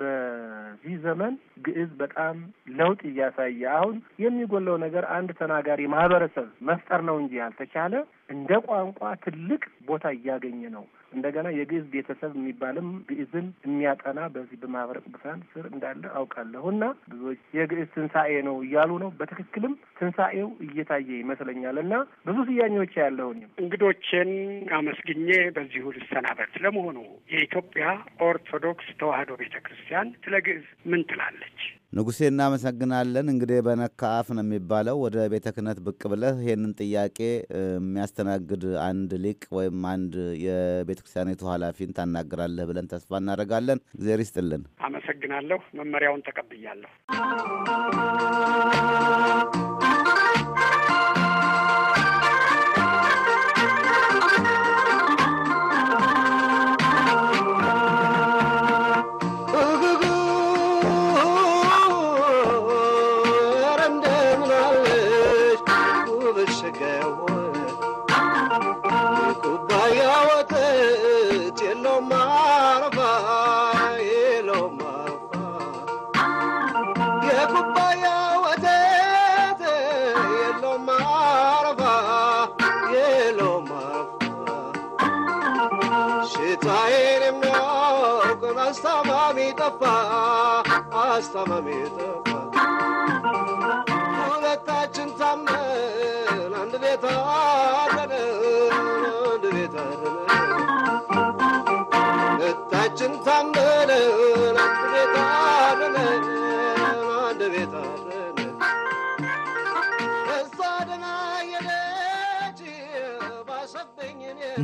በዚህ ዘመን ግዕዝ በጣም ለውጥ እያሳየ አሁን የሚጎለው ነገር አንድ ተናጋሪ ማህበረሰብ መፍጠር ነው እንጂ ያልተቻለ እንደ ቋንቋ ትልቅ ቦታ እያገኘ ነው። እንደገና የግዕዝ ቤተሰብ የሚባልም ግዕዝን የሚያጠና በዚህ በማህበረ ቅዱሳን ስር እንዳለ አውቃለሁ እና ብዙዎች የግዕዝ ትንሣኤ ነው እያሉ ነው። በትክክልም ትንሣኤው እየታየ ይመስለኛል እና ብዙ ስያሜዎች ያለውን እንግዶችን አመስግኜ በዚሁ ልሰናበት። ለመሆኑ የኢትዮጵያ ኦርቶዶክስ ተዋህዶ ቤተ ክርስቲያን ስለ ግዕዝ ምን ትላለች? ንጉሴ፣ እናመሰግናለን። እንግዲህ በነካ አፍ ነው የሚባለው። ወደ ቤተ ክህነት ብቅ ብለህ ይህንን ጥያቄ የሚያስተናግድ አንድ ሊቅ ወይም አንድ የቤተ ክርስቲያኒቱ ኃላፊን ታናግራለህ ብለን ተስፋ እናደርጋለን። እግዜር ይስጥልን። አመሰግናለሁ። መመሪያውን ተቀብያለሁ።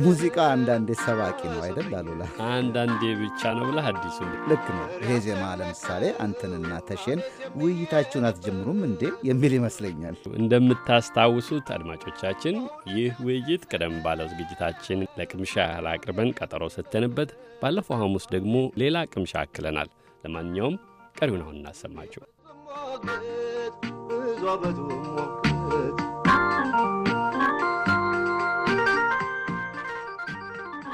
ሙዚቃ አንዳንዴ ሰባቂ ነው አይደል? አሉላ አንዳንዴ ብቻ ነው ብለህ አዲሱ ልክ ነው። ይሄ ዜማ ለምሳሌ አንተንና ተሼን ውይይታችሁን አትጀምሩም እንዴ የሚል ይመስለኛል። እንደምታስታውሱት አድማጮቻችን፣ ይህ ውይይት ቀደም ባለው ዝግጅታችን ለቅምሻ ያህል አቅርበን ቀጠሮ ሰተንበት፣ ባለፈው ሐሙስ ደግሞ ሌላ ቅምሻ አክለናል። ለማንኛውም ቀሪውን አሁን እናሰማችሁ።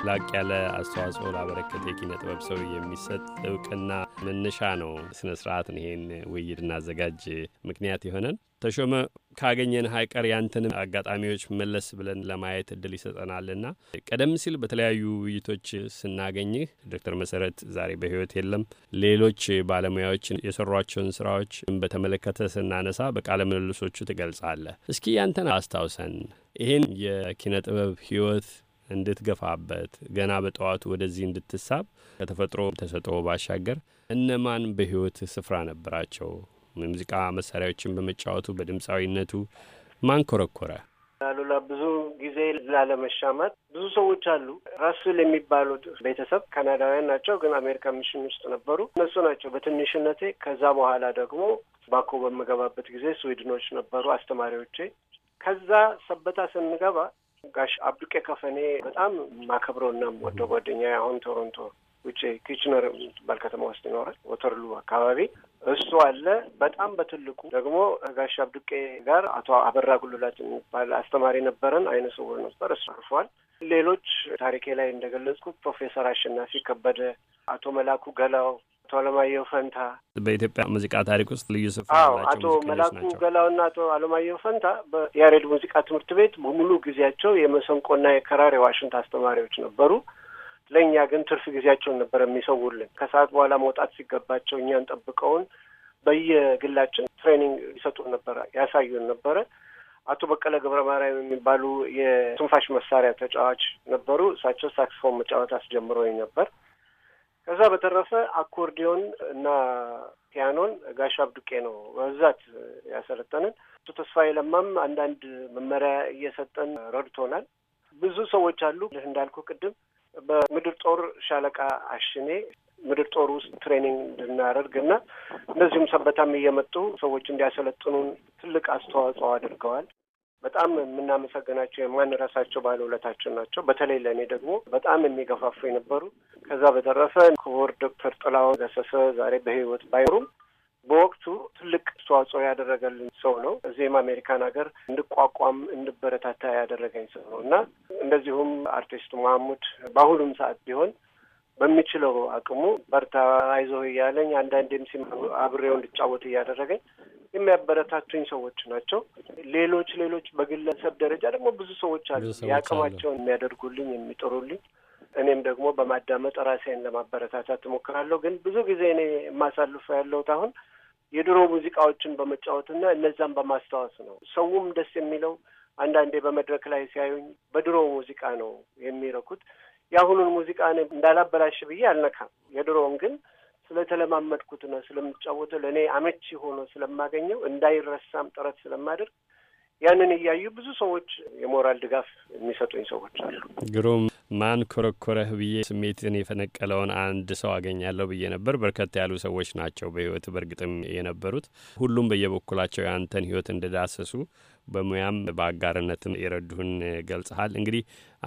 ላቅ ያለ አስተዋጽኦ ላበረከተ የኪነ ጥበብ ሰው የሚሰጥ እውቅና መነሻ ነው። ስነ ስርዓትን ይሄን ውይይት እናዘጋጅ ምክንያት የሆነን ተሾመ ካገኘን ሀይቀር ያንተን አጋጣሚዎች መለስ ብለን ለማየት እድል ይሰጠናልና ቀደም ሲል በተለያዩ ውይይቶች ስናገኝህ ዶክተር መሰረት ዛሬ በህይወት የለም፣ ሌሎች ባለሙያዎች የሰሯቸውን ስራዎች በተመለከተ ስናነሳ በቃለ ምልልሶቹ ትገልጻለህ። እስኪ ያንተን አስታውሰን ይህን የኪነ ጥበብ ህይወት እንድትገፋበት ገና በጠዋቱ ወደዚህ እንድትሳብ ከተፈጥሮ ተሰጥኦ ባሻገር እነማን በሕይወት ስፍራ ነበራቸው? የሙዚቃ መሳሪያዎችን በመጫወቱ በድምፃዊነቱ ማን ኮረኮረ? አሉላ ብዙ ጊዜ ላለመሻማት ብዙ ሰዎች አሉ። ራስል የሚባሉት ቤተሰብ ካናዳውያን ናቸው፣ ግን አሜሪካ ሚሽን ውስጥ ነበሩ። እነሱ ናቸው በትንሽነቴ። ከዛ በኋላ ደግሞ ባኮ በምገባበት ጊዜ ስዊድኖች ነበሩ አስተማሪዎቼ። ከዛ ሰበታ ስንገባ ጋሽ አብዱቄ ከፈኔ በጣም ማከብረውና ወደ ጓደኛ አሁን ቶሮንቶ ውጭ ኪችነር የምትባል ከተማ ውስጥ ይኖራል። ወተርሉ አካባቢ እሱ አለ። በጣም በትልቁ ደግሞ ጋሽ አብዱቄ ጋር አቶ አበራ ጉልላት የሚባል አስተማሪ ነበረን። አይነ ስውር ነበር፣ እሱ አርፏል። ሌሎች ታሪኬ ላይ እንደገለጽኩት ፕሮፌሰር አሸናፊ ከበደ፣ አቶ መላኩ ገላው አለማየሁ ፈንታ በኢትዮጵያ ሙዚቃ ታሪክ ውስጥ ልዩ ስፍራ አዎ፣ አቶ መላኩ ገላውና አቶ አለማየሁ ፈንታ በያሬድ ሙዚቃ ትምህርት ቤት በሙሉ ጊዜያቸው የመሰንቆና የከራር የዋሽንት አስተማሪዎች ነበሩ። ለእኛ ግን ትርፍ ጊዜያቸውን ነበር የሚሰውልን። ከሰዓት በኋላ መውጣት ሲገባቸው እኛን ጠብቀውን በየግላችን ትሬኒንግ ይሰጡን ነበረ፣ ያሳዩን ነበረ። አቶ በቀለ ገብረ ማርያም የሚባሉ የትንፋሽ መሳሪያ ተጫዋች ነበሩ። እሳቸው ሳክስፎን መጫወት አስጀምሮኝ ነበር። ከዛ በተረፈ አኮርዲዮን እና ፒያኖን ጋሽ አብዱቄ ነው በብዛት ያሰለጠንን። እሱ ተስፋዬ ለማም አንዳንድ መመሪያ እየሰጠን ረድቶናል። ብዙ ሰዎች አሉ እንዳልኩ ቅድም በምድር ጦር ሻለቃ አሽኔ ምድር ጦር ውስጥ ትሬኒንግ እንድናደርግ እና እንደዚሁም ሰበታም እየመጡ ሰዎች እንዲያሰለጥኑን ትልቅ አስተዋጽኦ አድርገዋል። በጣም የምናመሰግናቸው የማንረሳቸው ባለውለታችን ናቸው። በተለይ ለእኔ ደግሞ በጣም የሚገፋፉ የነበሩ። ከዛ በተረፈ ክቡር ዶክተር ጥላሁን ገሰሰ ዛሬ በህይወት ባይኖሩም በወቅቱ ትልቅ አስተዋጽኦ ያደረገልን ሰው ነው። እዚህም አሜሪካን ሀገር እንድቋቋም እንድበረታታ ያደረገኝ ሰው ነው እና እንደዚሁም አርቲስት መሐሙድ በአሁኑም ሰዓት ቢሆን በሚችለው አቅሙ በርታ፣ አይዞህ እያለኝ አንዳንዴም ሲም አብሬው እንድጫወት እያደረገኝ የሚያበረታቱኝ ሰዎች ናቸው። ሌሎች ሌሎች በግለሰብ ደረጃ ደግሞ ብዙ ሰዎች አሉ የአቅማቸውን የሚያደርጉልኝ የሚጥሩልኝ። እኔም ደግሞ በማዳመጥ ራሴን ለማበረታታት እሞክራለሁ። ግን ብዙ ጊዜ እኔ የማሳልፈው ያለሁት አሁን የድሮ ሙዚቃዎችን በመጫወትና እነዛን በማስታወስ ነው። ሰውም ደስ የሚለው አንዳንዴ በመድረክ ላይ ሲያዩኝ በድሮ ሙዚቃ ነው የሚረኩት። የአሁኑን ሙዚቃ እንዳላበላሽ ብዬ አልነካም። የድሮውን ግን ስለተለማመድኩት ነው ስለምጫወተው ለእኔ አመቺ ሆኖ ስለማገኘው እንዳይረሳም ጥረት ስለማደርግ ያንን እያዩ ብዙ ሰዎች የሞራል ድጋፍ የሚሰጡኝ ሰዎች አሉ። ግሩም ማን ኮረኮረህ ብዬ ስሜትን የፈነቀለውን አንድ ሰው አገኛለሁ ብዬ ነበር። በርከት ያሉ ሰዎች ናቸው በህይወት በእርግጥም የነበሩት። ሁሉም በየበኩላቸው የአንተን ህይወት እንደዳሰሱ በሙያም በአጋርነትም የረዱህን ገልጸሃል። እንግዲህ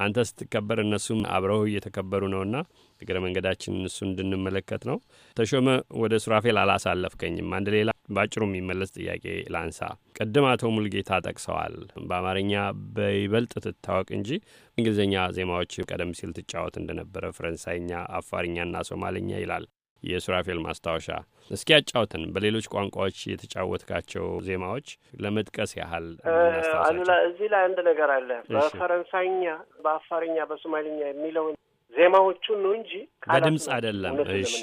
አንተ ስትከበር እነሱም አብረው እየተከበሩ ነውና እግረ መንገዳችን እሱ እንድንመለከት ነው። ተሾመ፣ ወደ ሱራፌል አላሳለፍከኝም። አንድ ሌላ በአጭሩ የሚመለስ ጥያቄ ላንሳ። ቅድም አቶ ሙልጌታ ጠቅሰዋል። በአማርኛ በይበልጥ ትታወቅ እንጂ እንግሊዝኛ ዜማዎች ቀደም ሲል ትጫወት እንደነበረ ፈረንሳይኛ፣ አፋርኛና ሶማሌኛ ይላል የሱራፌል ማስታወሻ። እስኪ ያጫውተን በሌሎች ቋንቋዎች የተጫወትካቸው ዜማዎች ለመጥቀስ ያህል አሉላ። እዚህ ላይ አንድ ነገር አለ። በፈረንሳይኛ፣ በአፋርኛ፣ በሶማሌኛ የሚለውን ዜማዎቹን ነው እንጂ በድምፅ አይደለም። እሺ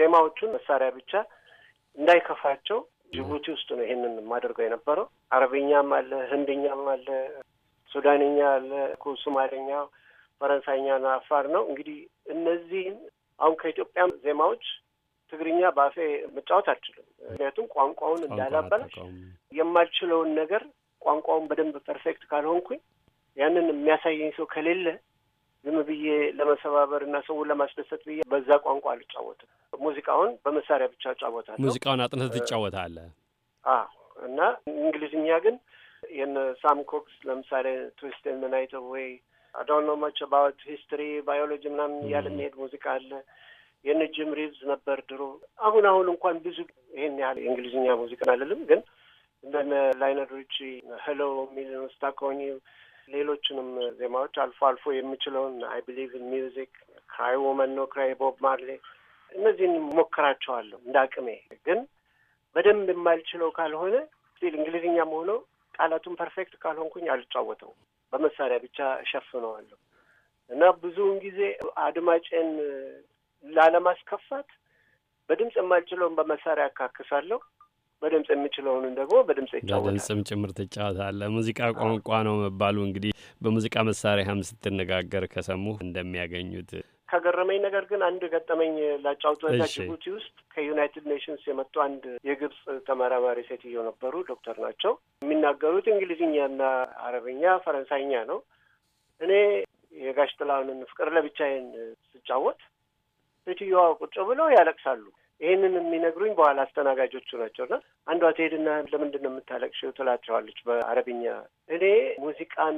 ዜማዎቹን መሳሪያ ብቻ እንዳይከፋቸው ጅቡቲ ውስጥ ነው ይሄንን የማደርገው የነበረው። አረብኛም አለ፣ ህንድኛም አለ፣ ሱዳንኛ አለ፣ ፈረንሳይኛ ፈረንሳይኛና አፋር ነው። እንግዲህ እነዚህን አሁን ከኢትዮጵያ ዜማዎች ትግርኛ በአፌ መጫወት አልችልም። ምክንያቱም ቋንቋውን እንዳላበላሽ የማልችለውን ነገር ቋንቋውን በደንብ ፐርፌክት ካልሆንኩኝ ያንን የሚያሳየኝ ሰው ከሌለ ዝም ብዬ ለመሰባበር እና ሰውን ለማስደሰት ብዬ በዛ ቋንቋ አልጫወትም። ሙዚቃውን በመሳሪያ ብቻ እጫወታለሁ። ሙዚቃውን አጥነት ትጫወታለህ እና እንግሊዝኛ ግን in uh, some ለምሳሌ ትዊስት ኤንድ ዘ ናይት አዌይ አይ ኖ ማች አባውት ሂስትሪ ባዮሎጂ ምናምን እያለ የሚሄድ ሙዚቃ አለ። የነ ጅም ሪቭዝ ነበር ድሮ። አሁን አሁን እንኳን ብዙ ይህን ያህል የእንግሊዝኛ ሙዚቃ አልልም፣ ግን እንደነ ላይነር ሪቺ ሄሎ ሚል ስታኮኒ፣ ሌሎችንም ዜማዎች አልፎ አልፎ የምችለውን አይ ቢሊቭ ኢን ሚውዚክ፣ ክራይ ወመን ኖ ክራይ፣ ቦብ ማርሌ እነዚህን ሞከራቸዋለሁ እንደ አቅሜ። ግን በደንብ የማልችለው ካልሆነ ስቲል እንግሊዝኛም ሆነው ቃላቱን ፐርፌክት ካልሆንኩኝ አልጫወተው በመሳሪያ ብቻ እሸፍነዋለሁ እና ብዙውን ጊዜ አድማጬን ላለማስከፋት በድምፅ የማልችለውን በመሳሪያ አካክሳለሁ። በድምፅ የምችለውንን ደግሞ በድምፅ ይጫወታል። ጭምር ትጫወታለ። ሙዚቃ ቋንቋ ነው መባሉ እንግዲህ በሙዚቃ መሳሪያም ስትነጋገር ከሰሙ እንደሚያገኙት ከገረመኝ ነገር ግን አንድ ገጠመኝ ላጫውቶታ ጅቡቲ ውስጥ ከዩናይትድ ኔሽንስ የመጡ አንድ የግብጽ ተመራማሪ ሴትዮ ነበሩ። ዶክተር ናቸው። የሚናገሩት እንግሊዝኛና አረብኛ፣ ፈረንሳይኛ ነው። እኔ የጋሽ ጥላሁንን ፍቅር ለብቻዬን ስጫወት ሴትዮዋ ቁጭ ብለው ያለቅሳሉ። ይህንን የሚነግሩኝ በኋላ አስተናጋጆቹ ናቸውና አንዷ ትሄድና ለምንድን ነው የምታለቅሽው ትላቸዋለች በአረብኛ። እኔ ሙዚቃን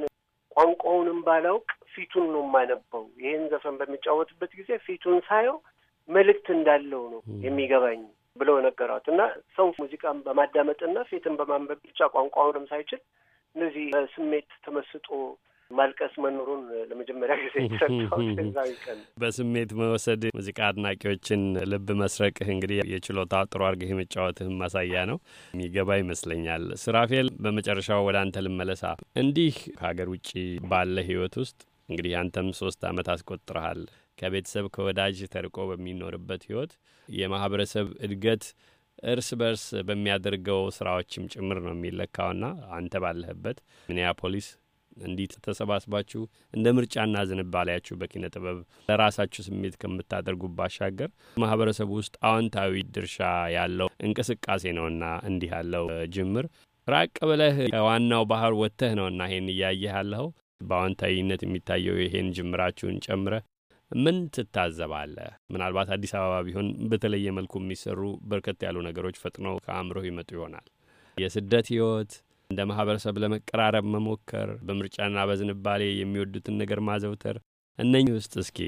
ቋንቋውንም ባላውቅ ፊቱን ነው የማነበው። ይህን ዘፈን በሚጫወትበት ጊዜ ፊቱን ሳየው መልእክት እንዳለው ነው የሚገባኝ ብለው ነገሯት እና ሰው ሙዚቃን በማዳመጥና ፊትን በማንበብ ብቻ ቋንቋውንም ሳይችል እነዚህ ስሜት ተመስጦ ማልቀስ መኖሩን ለመጀመሪያ ጊዜ ይሰራቀን <laughs> በስሜት መወሰድ ሙዚቃ አድናቂዎችን ልብ መስረቅህ እንግዲህ የችሎታ ጥሩ አድርገህ የመጫወትህም ማሳያ ነው የሚገባ ይመስለኛል። ስራፌል፣ በመጨረሻው ወደ አንተ ልመለሳ። እንዲህ ከሀገር ውጭ ባለ ህይወት ውስጥ እንግዲህ አንተም ሶስት አመት አስቆጥረሃል። ከቤተሰብ ከወዳጅ ተርቆ በሚኖርበት ህይወት የማህበረሰብ እድገት እርስ በርስ በሚያደርገው ስራዎችም ጭምር ነው የሚለካውና አንተ ባለህበት ሚኒያፖሊስ እንዲህ ተሰባስባችሁ እንደ ምርጫና ዝንባሌያችሁ በኪነ ጥበብ ለራሳችሁ ስሜት ከምታደርጉ ባሻገር ማህበረሰቡ ውስጥ አዎንታዊ ድርሻ ያለው እንቅስቃሴ ነውና እንዲህ ያለው ጅምር ራቅ ብለህ ዋናው ባህር ወጥተህ ነውና ይሄን እያየህ ያለኸው በአዎንታዊነት የሚታየው ይሄን ጅምራችሁን ጨምረ ምን ትታዘባለህ? ምናልባት አዲስ አበባ ቢሆን በተለየ መልኩ የሚሰሩ በርከት ያሉ ነገሮች ፈጥኖ ከአእምሮህ ይመጡ ይሆናል። የስደት ህይወት፣ እንደ ማህበረሰብ ለመቀራረብ መሞከር፣ በምርጫና በዝንባሌ የሚወዱትን ነገር ማዘውተር እነኚህ ውስጥ እስኪ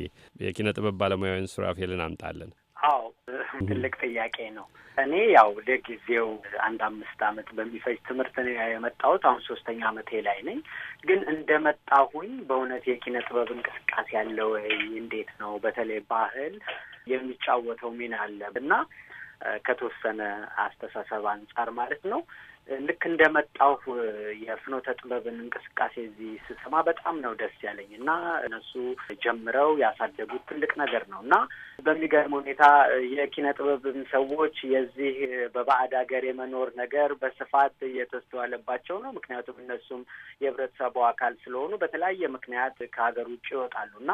የኪነ ጥበብ ባለሙያውን ሱራፌልን አምጣለን። አዎ <laughs> ትልቅ ጥያቄ ነው። እኔ ያው ለጊዜው አንድ አምስት አመት በሚፈጅ ትምህርት ነው የመጣሁት። አሁን ሶስተኛ አመቴ ላይ ነኝ። ግን እንደ መጣሁኝ በእውነት የኪነ ጥበብ እንቅስቃሴ ያለ ወይ? እንዴት ነው? በተለይ ባህል የሚጫወተው ሚና አለ እና ከተወሰነ አስተሳሰብ አንጻር ማለት ነው ልክ እንደመጣሁ የፍኖተ ጥበብን እንቅስቃሴ እዚህ ስሰማ በጣም ነው ደስ ያለኝ እና እነሱ ጀምረው ያሳደጉት ትልቅ ነገር ነው እና በሚገርም ሁኔታ የኪነ ጥበብን ሰዎች የዚህ በባዕድ ሀገር የመኖር ነገር በስፋት እየተስተዋለባቸው ነው። ምክንያቱም እነሱም የህብረተሰቡ አካል ስለሆኑ በተለያየ ምክንያት ከሀገር ውጭ ይወጣሉ እና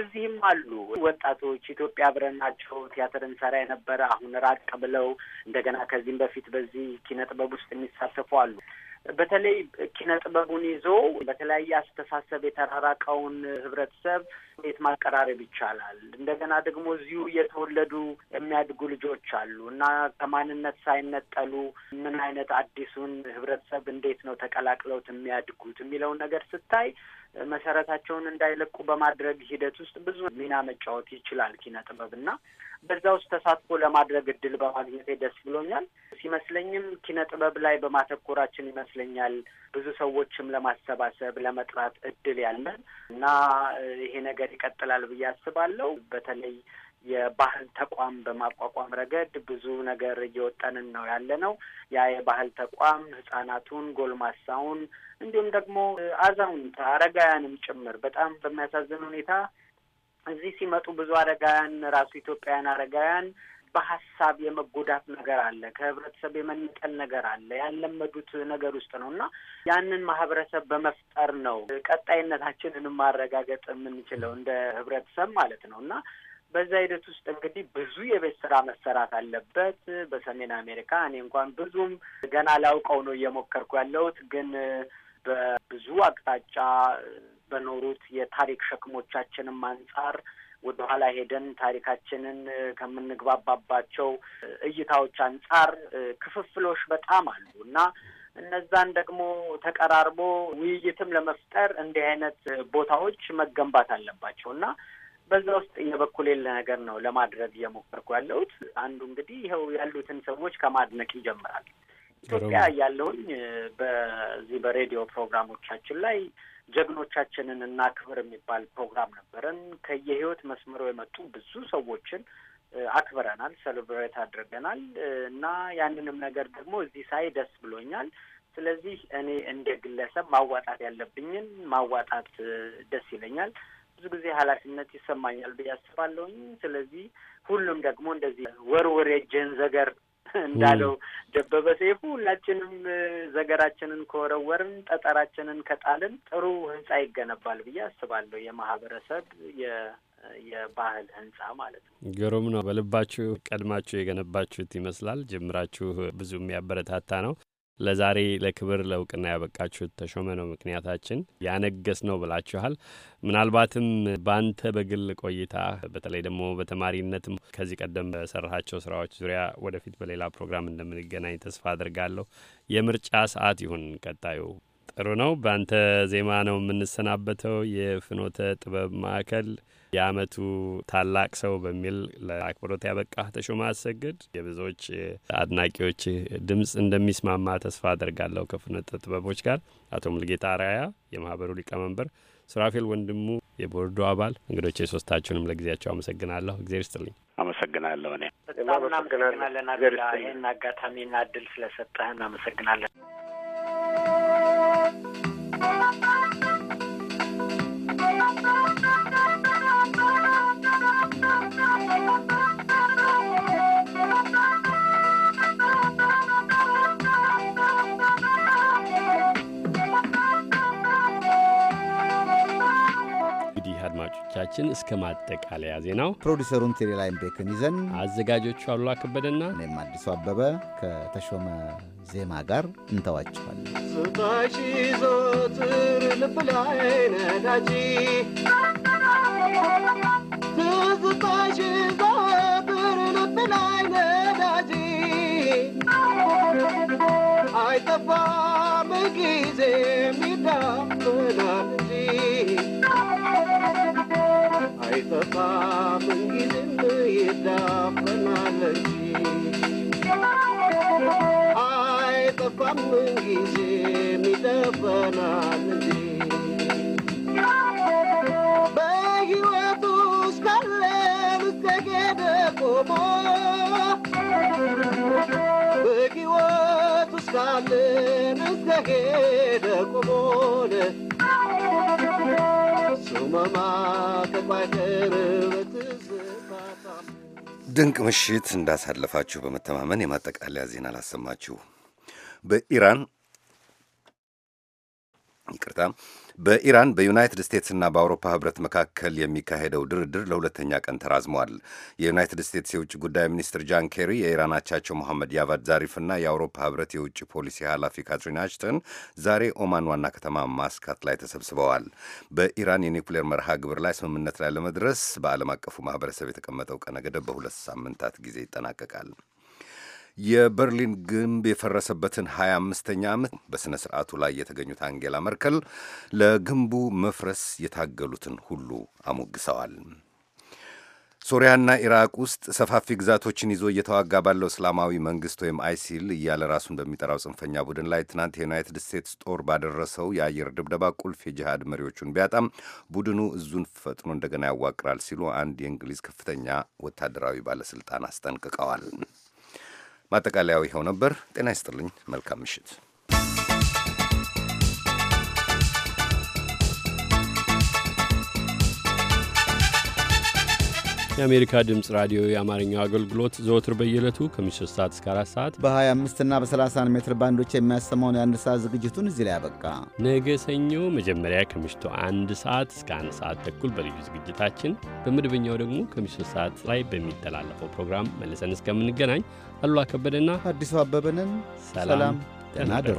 እዚህም አሉ ወጣቶች ኢትዮጵያ አብረናቸው ቲያትርን ቲያትር እንሰራ የነበረ አሁን ራቅ ብለው እንደገና ከዚህም በፊት በዚህ ኪነ ጥበብ ውስጥ የሚሳተፉ አሉ። በተለይ ኪነ ጥበቡን ይዞ በተለያየ አስተሳሰብ የተራራቀውን ህብረተሰብ እንዴት ማቀራረብ ይቻላል? እንደገና ደግሞ እዚሁ እየተወለዱ የሚያድጉ ልጆች አሉ እና ከማንነት ሳይነጠሉ ምን አይነት አዲሱን ህብረተሰብ እንዴት ነው ተቀላቅለውት የሚያድጉት የሚለውን ነገር ስታይ መሰረታቸውን እንዳይለቁ በማድረግ ሂደት ውስጥ ብዙ ሚና መጫወት ይችላል ኪነ ጥበብ እና በዛ ውስጥ ተሳትፎ ለማድረግ እድል በማግኘቴ ደስ ብሎኛል። ሲመስለኝም ኪነ ጥበብ ላይ በማተኮራችን ይመስለኛል ብዙ ሰዎችም ለማሰባሰብ ለመጥራት እድል ያለን እና ይሄ ነገር ይቀጥላል ብዬ አስባለሁ። በተለይ የባህል ተቋም በማቋቋም ረገድ ብዙ ነገር እየወጠንን ነው ያለ ነው። ያ የባህል ተቋም ህጻናቱን፣ ጎልማሳውን እንዲሁም ደግሞ አዛውንት አረጋውያንም ጭምር በጣም በሚያሳዝን ሁኔታ እዚህ ሲመጡ ብዙ አረጋውያን ራሱ ኢትዮጵያውያን አረጋውያን በሀሳብ የመጎዳት ነገር አለ። ከህብረተሰብ የመነጠል ነገር አለ። ያለመዱት ነገር ውስጥ ነው እና ያንን ማህበረሰብ በመፍጠር ነው ቀጣይነታችንን ማረጋገጥ የምንችለው እንደ ህብረተሰብ ማለት ነው እና በዛ ሂደት ውስጥ እንግዲህ ብዙ የቤት ስራ መሰራት አለበት። በሰሜን አሜሪካ እኔ እንኳን ብዙም ገና ላውቀው ነው እየሞከርኩ ያለሁት፣ ግን በብዙ አቅጣጫ በኖሩት የታሪክ ሸክሞቻችንም አንጻር ወደ ኋላ ሄደን ታሪካችንን ከምንግባባባቸው እይታዎች አንጻር ክፍፍሎች በጣም አሉ እና እነዛን ደግሞ ተቀራርቦ ውይይትም ለመፍጠር እንዲህ አይነት ቦታዎች መገንባት አለባቸው እና በዛ ውስጥ የበኩሌን ነገር ነው ለማድረግ እየሞከርኩ ያለሁት። አንዱ እንግዲህ ይኸው ያሉትን ሰዎች ከማድነቅ ይጀምራል። ኢትዮጵያ ያለውኝ በዚህ በሬዲዮ ፕሮግራሞቻችን ላይ ጀግኖቻችንን እና ክብር የሚባል ፕሮግራም ነበረን። ከየህይወት መስመሮ የመጡ ብዙ ሰዎችን አክብረናል፣ ሴሌብሬት አድርገናል እና ያንንም ነገር ደግሞ እዚህ ሳይ ደስ ብሎኛል። ስለዚህ እኔ እንደ ግለሰብ ማዋጣት ያለብኝን ማዋጣት ደስ ይለኛል። ብዙ ጊዜ ኃላፊነት ይሰማኛል ብዬ አስባለሁኝ። ስለዚህ ሁሉም ደግሞ እንደዚህ ወርውር የጀን ዘገር እንዳለው ደበበ ሰይፉ ሁላችንም ዘገራችንን ከወረወርን ጠጠራችንን ከጣልን ጥሩ ህንጻ ይገነባል ብዬ አስባለሁ። የማህበረሰብ የባህል ህንጻ ማለት ነው። ግሩም ነው። በልባችሁ ቀድማችሁ የገነባችሁት ይመስላል። ጀምራችሁ ብዙ የሚያበረታታ ነው። ለዛሬ ለክብር ለእውቅና ያበቃችሁት ተሾመ ነው ምክንያታችን። ያነገስ ነው ብላችኋል። ምናልባትም በአንተ በግል ቆይታ በተለይ ደግሞ በተማሪነትም ከዚህ ቀደም በሰራሃቸው ስራዎች ዙሪያ ወደፊት በሌላ ፕሮግራም እንደምንገናኝ ተስፋ አድርጋለሁ። የምርጫ ሰዓት ይሁን ቀጣዩ። ጥሩ ነው። በአንተ ዜማ ነው የምንሰናበተው። የፍኖተ ጥበብ ማዕከል የአመቱ ታላቅ ሰው በሚል ለአክብሮት ያበቃህ ተሾመ አሰግድ የብዙዎች አድናቂዎች ድምፅ እንደሚስማማ ተስፋ አደርጋለሁ። ከፍነት ጥበቦች ጋር አቶ ሙልጌታ አራያ የማህበሩ ሊቀመንበር፣ ሱራፌል ወንድሙ የቦርዶ አባል እንግዶች፣ የሶስታችሁንም ለጊዜያቸው አመሰግናለሁ። እግዜር ይስጥልኝ። አመሰግናለሁ። እኔ በጣም እናመሰግናለን አሉላ፣ ይህን ና እድል ስለሰጠህ እናመሰግናለን። Bye. አድማጮቻችን እስከ ማጠቃለያ ዜናው ፕሮዲሰሩን ቴሌላይን ቤክን ይዘን አዘጋጆቹ አሉላ ከበደና እኔም አዲሱ አበበ ከተሾመ ዜማ ጋር እንተዋችኋለን። ስታሽ ዞትር ልብ ላይ ነዳጅ ትዝታሽ ዘወትር ልብ ላይ ነዳጅ አይጠፋም ጊዜ የሚዳፍናል እንጂ ሄደ ድንቅ ምሽት እንዳሳለፋችሁ በመተማመን የማጠቃለያ ዜና ላሰማችሁ በኢራን ይቅርታ በኢራን በዩናይትድ ስቴትስና በአውሮፓ ህብረት መካከል የሚካሄደው ድርድር ለሁለተኛ ቀን ተራዝሟል። የዩናይትድ ስቴትስ የውጭ ጉዳይ ሚኒስትር ጃን ኬሪ የኢራን አቻቸው መሐመድ ያቫድ ዛሪፍና የአውሮፓ ህብረት የውጭ ፖሊሲ ኃላፊ ካትሪን አሽተን ዛሬ ኦማን ዋና ከተማ ማስካት ላይ ተሰብስበዋል። በኢራን የኒውክሌር መርሃ ግብር ላይ ስምምነት ላይ ለመድረስ በዓለም አቀፉ ማህበረሰብ የተቀመጠው ቀነ ገደብ በሁለት ሳምንታት ጊዜ ይጠናቀቃል። የበርሊን ግንብ የፈረሰበትን 25ኛ ዓመት በሥነ ሥርዓቱ ላይ የተገኙት አንጌላ መርከል ለግንቡ መፍረስ የታገሉትን ሁሉ አሞግሰዋል። ሶሪያና ኢራቅ ውስጥ ሰፋፊ ግዛቶችን ይዞ እየተዋጋ ባለው እስላማዊ መንግስት ወይም አይሲል እያለ ራሱን በሚጠራው ጽንፈኛ ቡድን ላይ ትናንት የዩናይትድ ስቴትስ ጦር ባደረሰው የአየር ድብደባ ቁልፍ የጂሃድ መሪዎቹን ቢያጣም ቡድኑ እዙን ፈጥኖ እንደገና ያዋቅራል ሲሉ አንድ የእንግሊዝ ከፍተኛ ወታደራዊ ባለሥልጣን አስጠንቅቀዋል። ማጠቃለያው ይኸው ነበር። ጤና ይስጥልኝ። መልካም ምሽት። የአሜሪካ ድምፅ ራዲዮ የአማርኛው አገልግሎት ዘወትር በየዕለቱ ከምሽቱ 3 ሰዓት እስከ 4 ሰዓት በ25 እና በ31 ሜትር ባንዶች የሚያሰማውን የአንድ ሰዓት ዝግጅቱን እዚህ ላይ ያበቃ። ነገ ሰኞ መጀመሪያ ከምሽቱ 1 ሰዓት እስከ 1 ሰዓት ተኩል በልዩ ዝግጅታችን፣ በመደበኛው ደግሞ ከምሽቱ ሰዓት ላይ በሚተላለፈው ፕሮግራም መልሰን እስከምንገናኝ አሉላ ከበደና አዲሱ አበበንን ሰላም ደህና ደሩ።